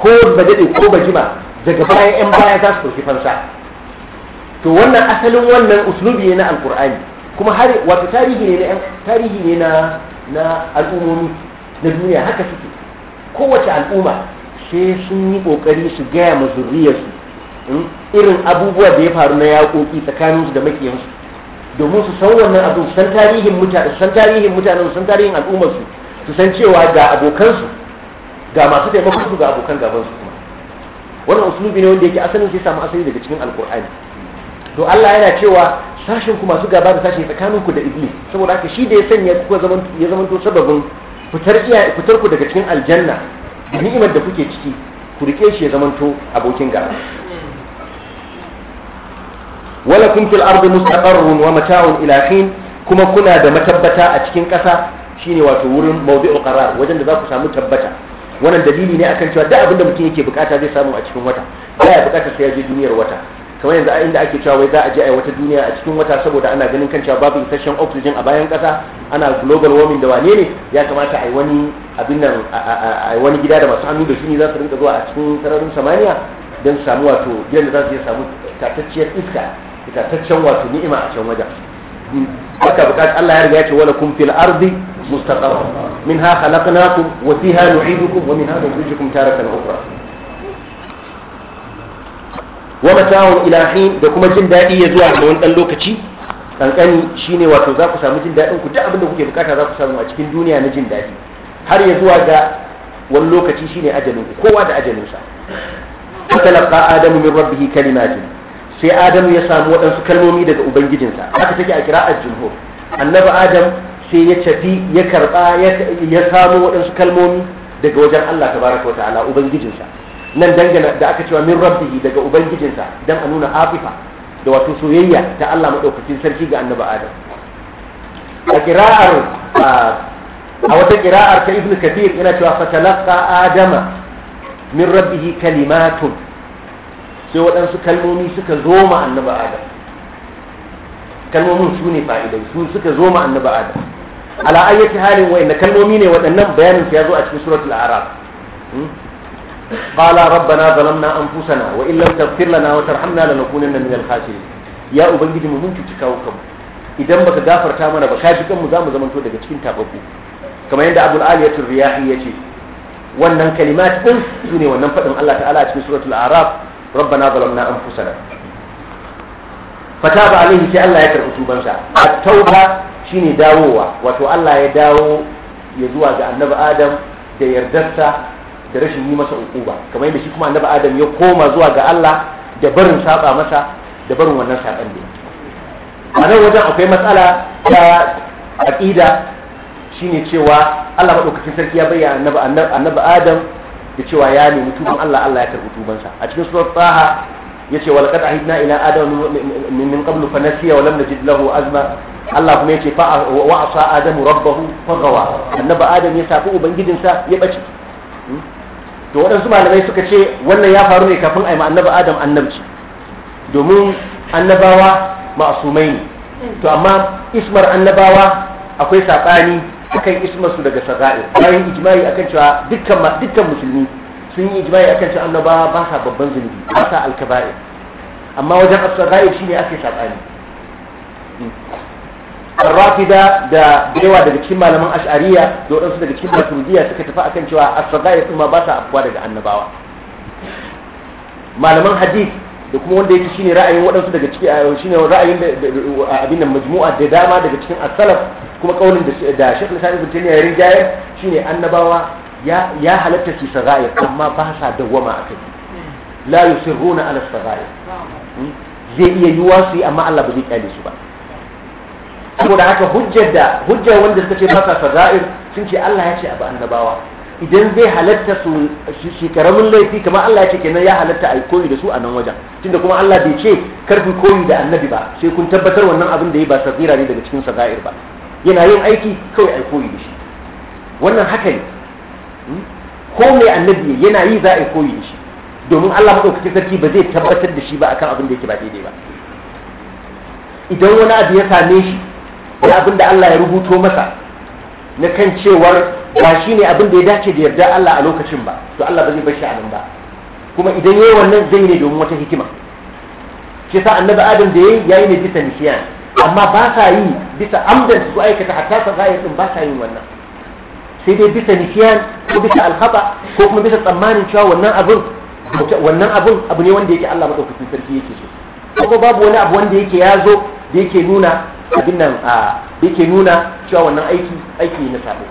Speaker 2: ko ba dade ko ba jima daga bayan yan baya za su ɗauki fansa to wannan asalin wannan uslubi ne na alkur'ani kuma har wato tarihi ne na tarihi ne na na al'ummomi na duniya haka suke kowace al'umma sai sun yi kokari su gaya ma su hmm, irin abubuwa da ya faru na yaƙoƙi tsakaninsu da makiyansu domin su san wannan abin san tarihin mutane san tarihin mutanen san tarihin al'ummar su su san cewa ga abokan su ga masu taimakon su ga abokan gaban su kuma wannan usulubi ne wanda yake asalin sai samu asali daga cikin alkur'ani to Allah yana cewa sashin ku masu gaba da sashin tsakanin ku da iblis saboda haka shi da ya sanya ku zaman ya to sababin fitar iya fitar ku daga cikin aljanna ni'imar da kuke ciki ku rike shi ya zamanto abokin gaba walakum fil ardi mustaqarrun wa mata'un ila hin kuma kuna da matabbata a cikin ƙasa shine wato wurin mawdi'ul qarar wajen da za ku samu tabbata wannan dalili ne akan cewa duk abin da mutum yake bukata zai samu a cikin wata ya bukata sai ya je duniyar wata kamar yanzu inda ake cewa wai za a je a wata duniya a cikin wata saboda ana ganin kan cewa babu isasshen oxygen a bayan kasa ana global warming da wane ne ya kamata a yi wani abin nan a wani gida da masu hannu da ne za su rinka zuwa a cikin sararin samaniya don su samu wato gidan da za su iya samu tatacciyar iska fitataccen wato ni'ima a can wajen haka bukatar Allah ya riga ya ce wala kum fil ardi mustaqarr minha khalaqnakum wa fiha nu'idukum wa minha nukhrijukum taratan ukhra wa mata'un ila hin da kuma jin dadi ya zuwa ga wani lokaci kankani shine wato za ku samu jin dadin ku duk abin kuke bukata za ku samu a cikin duniya na jin dadi har ya zuwa ga wani lokaci shine ajalin kowa da ajalin sa فتلقى آدم من ربه كلمات sai adamu ya samu waɗansu kalmomi daga ubangijinsa haka take a kira kira'ar jumhur annabi adam sai ya tafi ya karɓa ya samu waɗansu kalmomi daga wajen allah baraka wa ta'ala ubangijinsa nan dangana da aka cewa min rabbihi daga ubangijinsa don a nuna afifa da wato soyayya ta allah maɗaukacin sarki ga annabi adam a kira'ar a wata kira'ar ta ibnu kafir yana cewa fatalaqa adama min rabbihi kalimatun sai waɗansu kalmomi suka zo ma annaba adam kalmomin su ne fa'idai su suka zo ma annaba adam ala ayyati halin wa inna kalmomi ne waɗannan bayanin su ya zo a cikin suratul araf hmm? an rabbana zalamna anfusana wa in lam taghfir lana wa tarhamna lanakunanna al khasirin ya ubangiji mu mun cuci kawo idan baka gafarta mana ba ka kanmu zamu to daga cikin tababbu kamar yadda abul aliyatul riyahi yace wannan kalimat din su ne wannan faɗin Allah ta'ala a cikin suratul araf rabbana zalamna anfusana fataba alaihi sai Allah ya karɓi tubansa at-tauba shine dawowa wato Allah ya dawo ya zuwa ga annabi Adam da yardarsa da rashin yi masa ukuba kamar yadda shi kuma annabi Adam ya koma zuwa ga Allah da barin saba masa da barin wannan saban da a nan wajen akwai matsala ta aqida shine cewa Allah madaukakin sarki ya bayyana annabi Adam da cewa ya nemi tuban Allah Allah ya karbi tubansa a cikin surat taha yace wa laqad ahidna ila adam min qablu fa nasiya wa lam najid lahu azma Allah kuma yace fa wa asa adam rabbahu fa gawa annabi adam ya safi ubangijinsa ya bace hmm? to waɗansu malamai suka ce wannan ya faru ne kafin a yi annabi adam annabci domin annabawa ma'asumai ne to amma ismar annabawa akwai saɓani akan ismarsu daga saga'i bayan ijma'i akan cewa dukkan dukkan musulmi sun yi ijma'i akan cewa annabawa ba sa babban zunubi ba sa alkaba'i amma wajen as shi shine ake sabani Rafida da yawa daga cikin malaman ash'ariya da waɗansu daga cikin maturidiya suka tafi akan cewa as-saga'i kuma ba sa afuwa daga annabawa malaman hadith da kuma wanda yake shine ra'ayin waɗansu daga cikin shine ra'ayin abin nan majmu'a da dama daga cikin as-salaf kuma kaulin da Sheikh Islam Ibn Taymiyyah ya rinjaye shine annabawa ya ya halatta su sagaya amma ba sa dawwama akai la yusirruna ala sagaya hmm? zai iya yiwuwa su yi amma Allah ba zai kyale su ba saboda haka hujjar da hujjar wanda suka ce ba sa sagair sun ce Allah ya ce abu annabawa idan zai halatta su shi karamin laifi kamar Allah ya ce kenan ya halatta a koyi da su a nan wajen tunda kuma Allah bai ce karfi koyi da annabi ba sai kun tabbatar wannan abin da ya ba sagira ne daga cikin sagair ba yana yin aiki kawai ai koyi da shi wannan haka ne hmm? ko mai annabi yana yi za a koyi da shi domin Allah madaukakin sarki ba zai tabbatar da shi ba akan abin da yake ba daidai ba idan wani abu ya same shi da abin da Allah ya rubuto masa na kan cewar ba shi ne abin da ya dace da yarda Allah a lokacin ba to Allah ba zai bar shi a nan ba kuma idan yayi wannan zai ne domin wata hikima shi sa annabi Adam da yayi yi ne bisa nisiyan amma ba sa yi bisa amdan su aikata hatta sa ga din ba sa yin wannan sai dai bisa nishiyan ko bisa alhaba ko kuma bisa tsammanin cewa wannan abin wannan abin abu ne wanda yake Allah madaukakin sarki yake so ko babu wani abu wanda yake yazo da yake nuna abin nan a yake nuna cewa wannan aiki aiki na sabo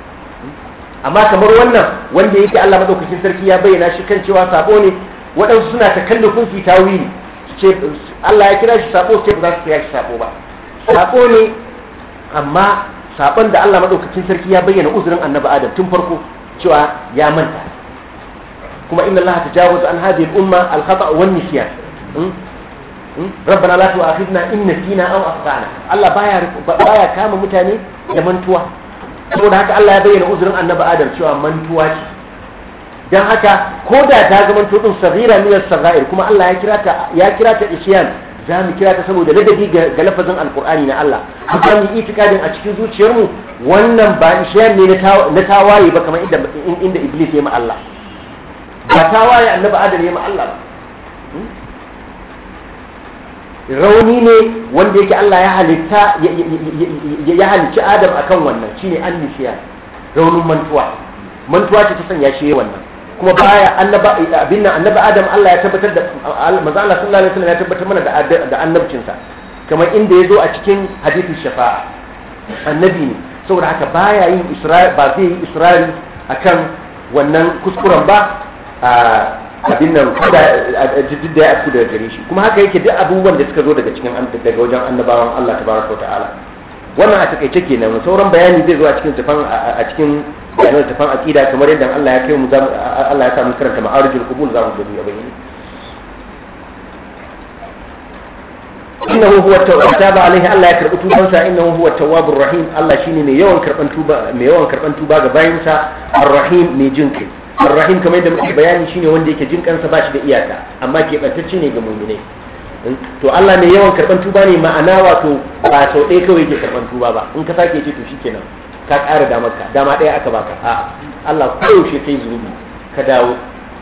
Speaker 2: amma kamar wannan wanda yake Allah madaukakin sarki ya bayyana shi kan cewa sabo ne waɗansu suna ta takallufin fi tawili ce Allah ya kira shi sabo sai ba za su kira shi sabo ba sako ne amma sakon da Allah madaukakin sarki ya bayyana uzurin annabi Adam tun farko cewa ya manta kuma inna Allah tajawaza an hadhihi al-umma al-khata' an nisyan hmm? Hmm? rabbana la tu'akhidna in nasina aw akhtana Allah baya baya kama mutane da mantuwa saboda haka Allah ya bayyana uzurin annabi Adam cewa mantuwa ce dan haka ko da ta zama to din saghira min as-saghair kuma Allah ya kira ta ya kira ta isyan za mu kira ta saboda ladabi ga lafazin alkur'ani na Allah har za mu itikadin a cikin zuciyarmu wannan ba ishiyan ne na tawaye ba kamar inda iblis ya ma Allah ba tawaye annabi adam ya ma Allah ba hmm? rauni ne wanda yake Allah ya halitta ya halicci adam akan wannan shine an nishiya raunin mantuwa mantuwa ce ta sanya shi wannan kuma baya annaba abinna nan annabi adam Allah ya tabbatar da manzo Allah sallallahu alaihi wasallam ya tabbatar mana da da annabcin sa kamar inda ya zo a cikin hadithin shafa'a annabi ne saboda haka baya yin isra'i ba zai yi isra'i akan wannan kuskuren ba abin nan ko da jiddid da ya daga gare shi kuma haka yake duk abubuwan da suka zo daga cikin daga wajen annabawan Allah tabaraka ta'ala wannan a takaice kenan sauran bayani zai zo a cikin a cikin da nan tafan aqida kamar yadda Allah ya kai mu Allah ya sa mu karanta ma'arijul qubul za mu gani abin
Speaker 3: innahu huwa tawwab
Speaker 2: alaihi Allah ya karbi tuban sa innahu huwa tawwabur rahim Allah shine mai yawan karban tuba mai yawan karban tuba ga bayin sa arrahim mai jin kai arrahim kamar yadda muke bayani shine wanda yake jin kansa shi da iyaka amma ke bantacce ne ga mu'minai hmm? to Allah mai yawan karban tuba ne ma'ana wato ba sau ɗaya kawai yake karban tuba ba in ka sake ce to shikenan ka ƙara damar ka dama ɗaya aka baka a Allah koyaushe kai zunubi ka dawo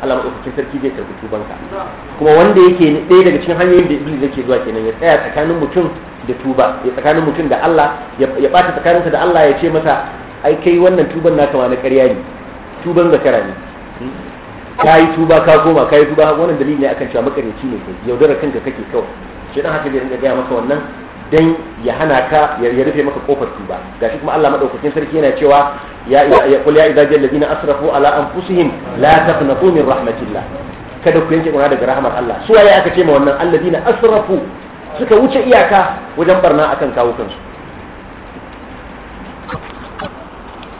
Speaker 2: Allah maɗaukakin sarki zai karɓi tubanka kuma wanda yake ɗaya daga cikin hanyoyin da iblis yake zuwa kenan ya tsaya tsakanin mutum da tuba ya tsakanin mutum da Allah ya ɓata tsakaninsa da Allah ya ce masa ai kai wannan tuban naka ma na ƙarya ne tuban zakara ne ka yi tuba ka koma ka yi tuba wannan dalili ne akan cewa makarici ne kai yaudarar kanka kake kawai shi dan haka zai rinka gaya maka wannan dan ya hana ka ya rufe maka kofar tuba gashi kuma Allah madaukakin sarki yana cewa ya ya qul ya idza allazina asrafu ala anfusihim la taqnatu min rahmatillah kada ku yanke kuna daga rahmar Allah su waye aka ce ma wannan allazina asrafu suka wuce iyaka wajen barna akan kawo kansu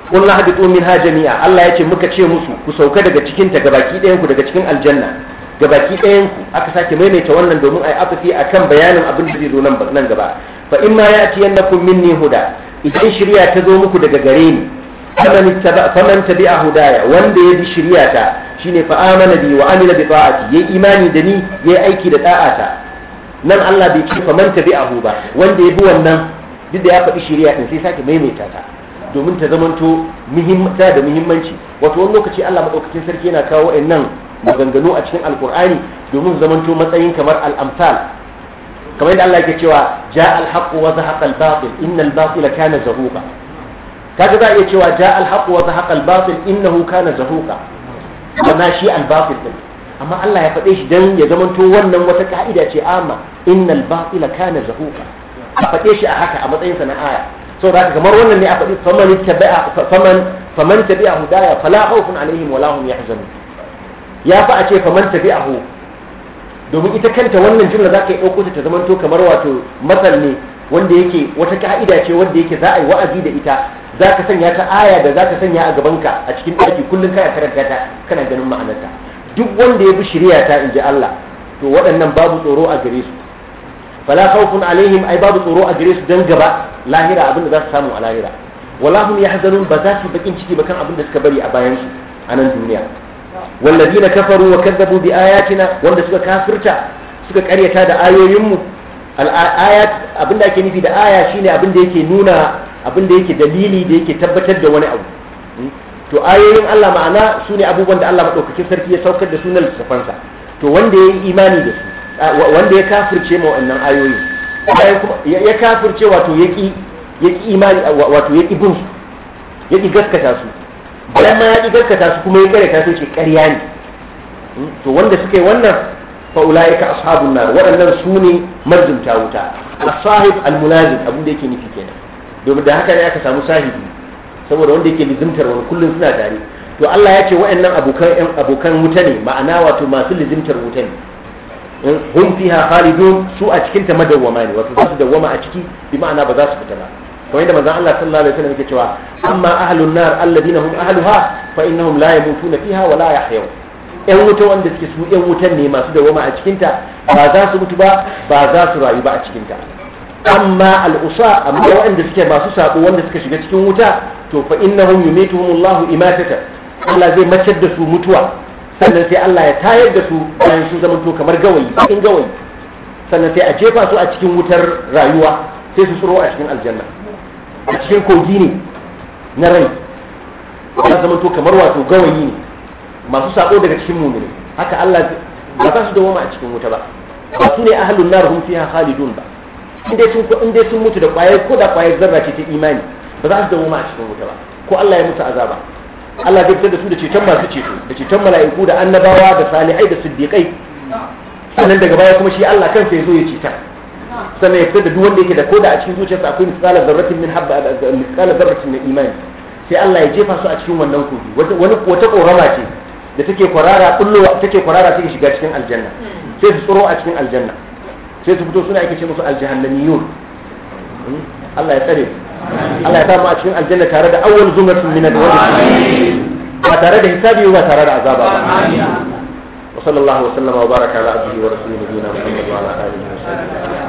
Speaker 2: kullahu la hadithu minha jami'a Allah ya ce muka ce musu ku sauka daga cikin ta gabaki ɗayan ku daga cikin aljanna ga baki ɗayan ku aka sake maimaita wannan domin yi afafi kan bayanin abin da zai zo nan nan gaba fa in ma ya ci kun minni huda idan shirya ta zo muku daga gare ni faman a hudaya wanda ya bi shirya ta shine fa amana bi wa amila bi ta'ati yayi imani da ni yayi aiki da ta'ata nan Allah bai ce faman a ba wanda ya bi wannan duk da ya faɗi shirya din sai sake maimaita ta domin ta zamanto ta da muhimmanci wato wani lokaci Allah maɗaukakin sarki yana kawo nan maganganu a cikin alkur'ani domin zamanto matsayin kamar al'amtal. kamar yadda Allah yake cewa ja al wa zahaqa al inna kana zahuqa kaga za a iya cewa ja al wa zahaqa innahu kana zahuqa amma shi din amma Allah ya faɗe shi dan ya zamanto wannan wata ka'ida ce amma innal kana zahuqa a faɗe shi a haka a matsayin sa na aya so da kamar wannan ne a faɗi faman tabi'a faman faman tabi'a hudaya fala khawfun alaihim yahzanun ya fi a ce faman tafi abu domin ita kanta wannan jumla za ka yi ɗauko ta zamanto kamar wato matsal ne wanda yake wata ka'ida ce wanda yake za a yi wa'azi da ita za ka sanya ta aya da za ka sanya a gabanka a cikin ɗaki kullum kana karanta ta kana ganin ma'anarta duk wanda ya bi shirya ta in ji Allah to waɗannan babu tsoro a gare su fala khawfun alaihim ai babu tsoro a gare su dan gaba lahira abin da za su samu a lahira wala hum yahzanun ba za su bakin ciki ba kan abin da suka bari a bayan su a nan duniya wallazina kafaru wa kadzabu bi ayatina wanda suka kafirta suka karyata da ayoyinmu ayat abin da ake nufi da aya shine abin da yake nuna abin da yake dalili da yake tabbatar da wani abu to ayoyin Allah ma'ana su ne abubuwan da Allah maɗaukakin sarki ya saukar da su na lissafansa to wanda ya yi imani da su wanda ya kafirce ma wannan ayoyi ya kafirce wato ya ƙi imani wato ya ƙi bin su ya ƙi gaskata su bayan ma ya ƙi gaskata su kuma ya kare ta sai ce ƙarya ne hmm? to wanda suka yi wannan fa ulaika ashabun nar waɗannan su ne wuta a sahib al-mulazim abin da yake nufi kenan domin da haka ne aka samu sahibi saboda wanda yake lizimtar wani kullum suna tare to Allah ya ce waɗannan abokan abokan wuta ne ma'ana wato masu lizimtar wuta ne hmm? hum fiha khalidun su a cikin ta madawwama ne wato za su dawwama a ciki bi ma'ana ba za su fita ba kamar da manzon Allah sallallahu alaihi wasallam yake cewa amma ahlun nar alladina hum ahluha fa innahum la yamutuna fiha wa la yahyaw yan wuta wanda suke su yan wutan ne masu wama a cikin ta ba za su mutu ba ba za su rayu ba a cikin ta amma al'usa amma waɗanda suke masu sabo wanda suka shiga cikin wuta to fa innahum yumituhumullahu imatata Allah zai macar da su mutuwa sannan sai Allah ya tayar da su bayan sun zama to kamar gawayi cikin gawayi sannan sai a jefa su a cikin wutar rayuwa sai su tsoro a cikin aljanna a cikin kogi ne na rai ya zama to kamar wato gawayi ne masu sako daga cikin mumini haka Allah ba za su dawoma a cikin wuta ba ba su ne ahlun nar hum fiha khalidun ba inda sun in dai sun mutu da kwayar ko da kwayar zarra ce ta imani ba za su dawoma a cikin wuta ba ko Allah ya mutu azaba Allah zai fitar da su da ceton masu ceto da ceton mala'iku da annabawa da salihai da siddiqai sannan daga baya kuma shi Allah kansa ya zo ya ceta sannan yadda da duk wanda yake da da a cikin zuciyarsa akwai misalar zarratin min habba misalar zarratin min imani sai Allah ya jefa su a cikin wannan kogi wani wata korama ce da take kwarara kullu take kwarara take shiga cikin aljanna sai su tsoro a cikin aljanna sai su fito suna ake ce musu aljahannamiyun hmm? Allah ya tsare Allah ya samu a cikin aljanna tare da awwal zumratin min al-wajh ba tare da hisabi ba tare da azaba ba وصلى الله وسلم وبارك على
Speaker 3: عبده ورسوله wa محمد وعلى wa وصحبه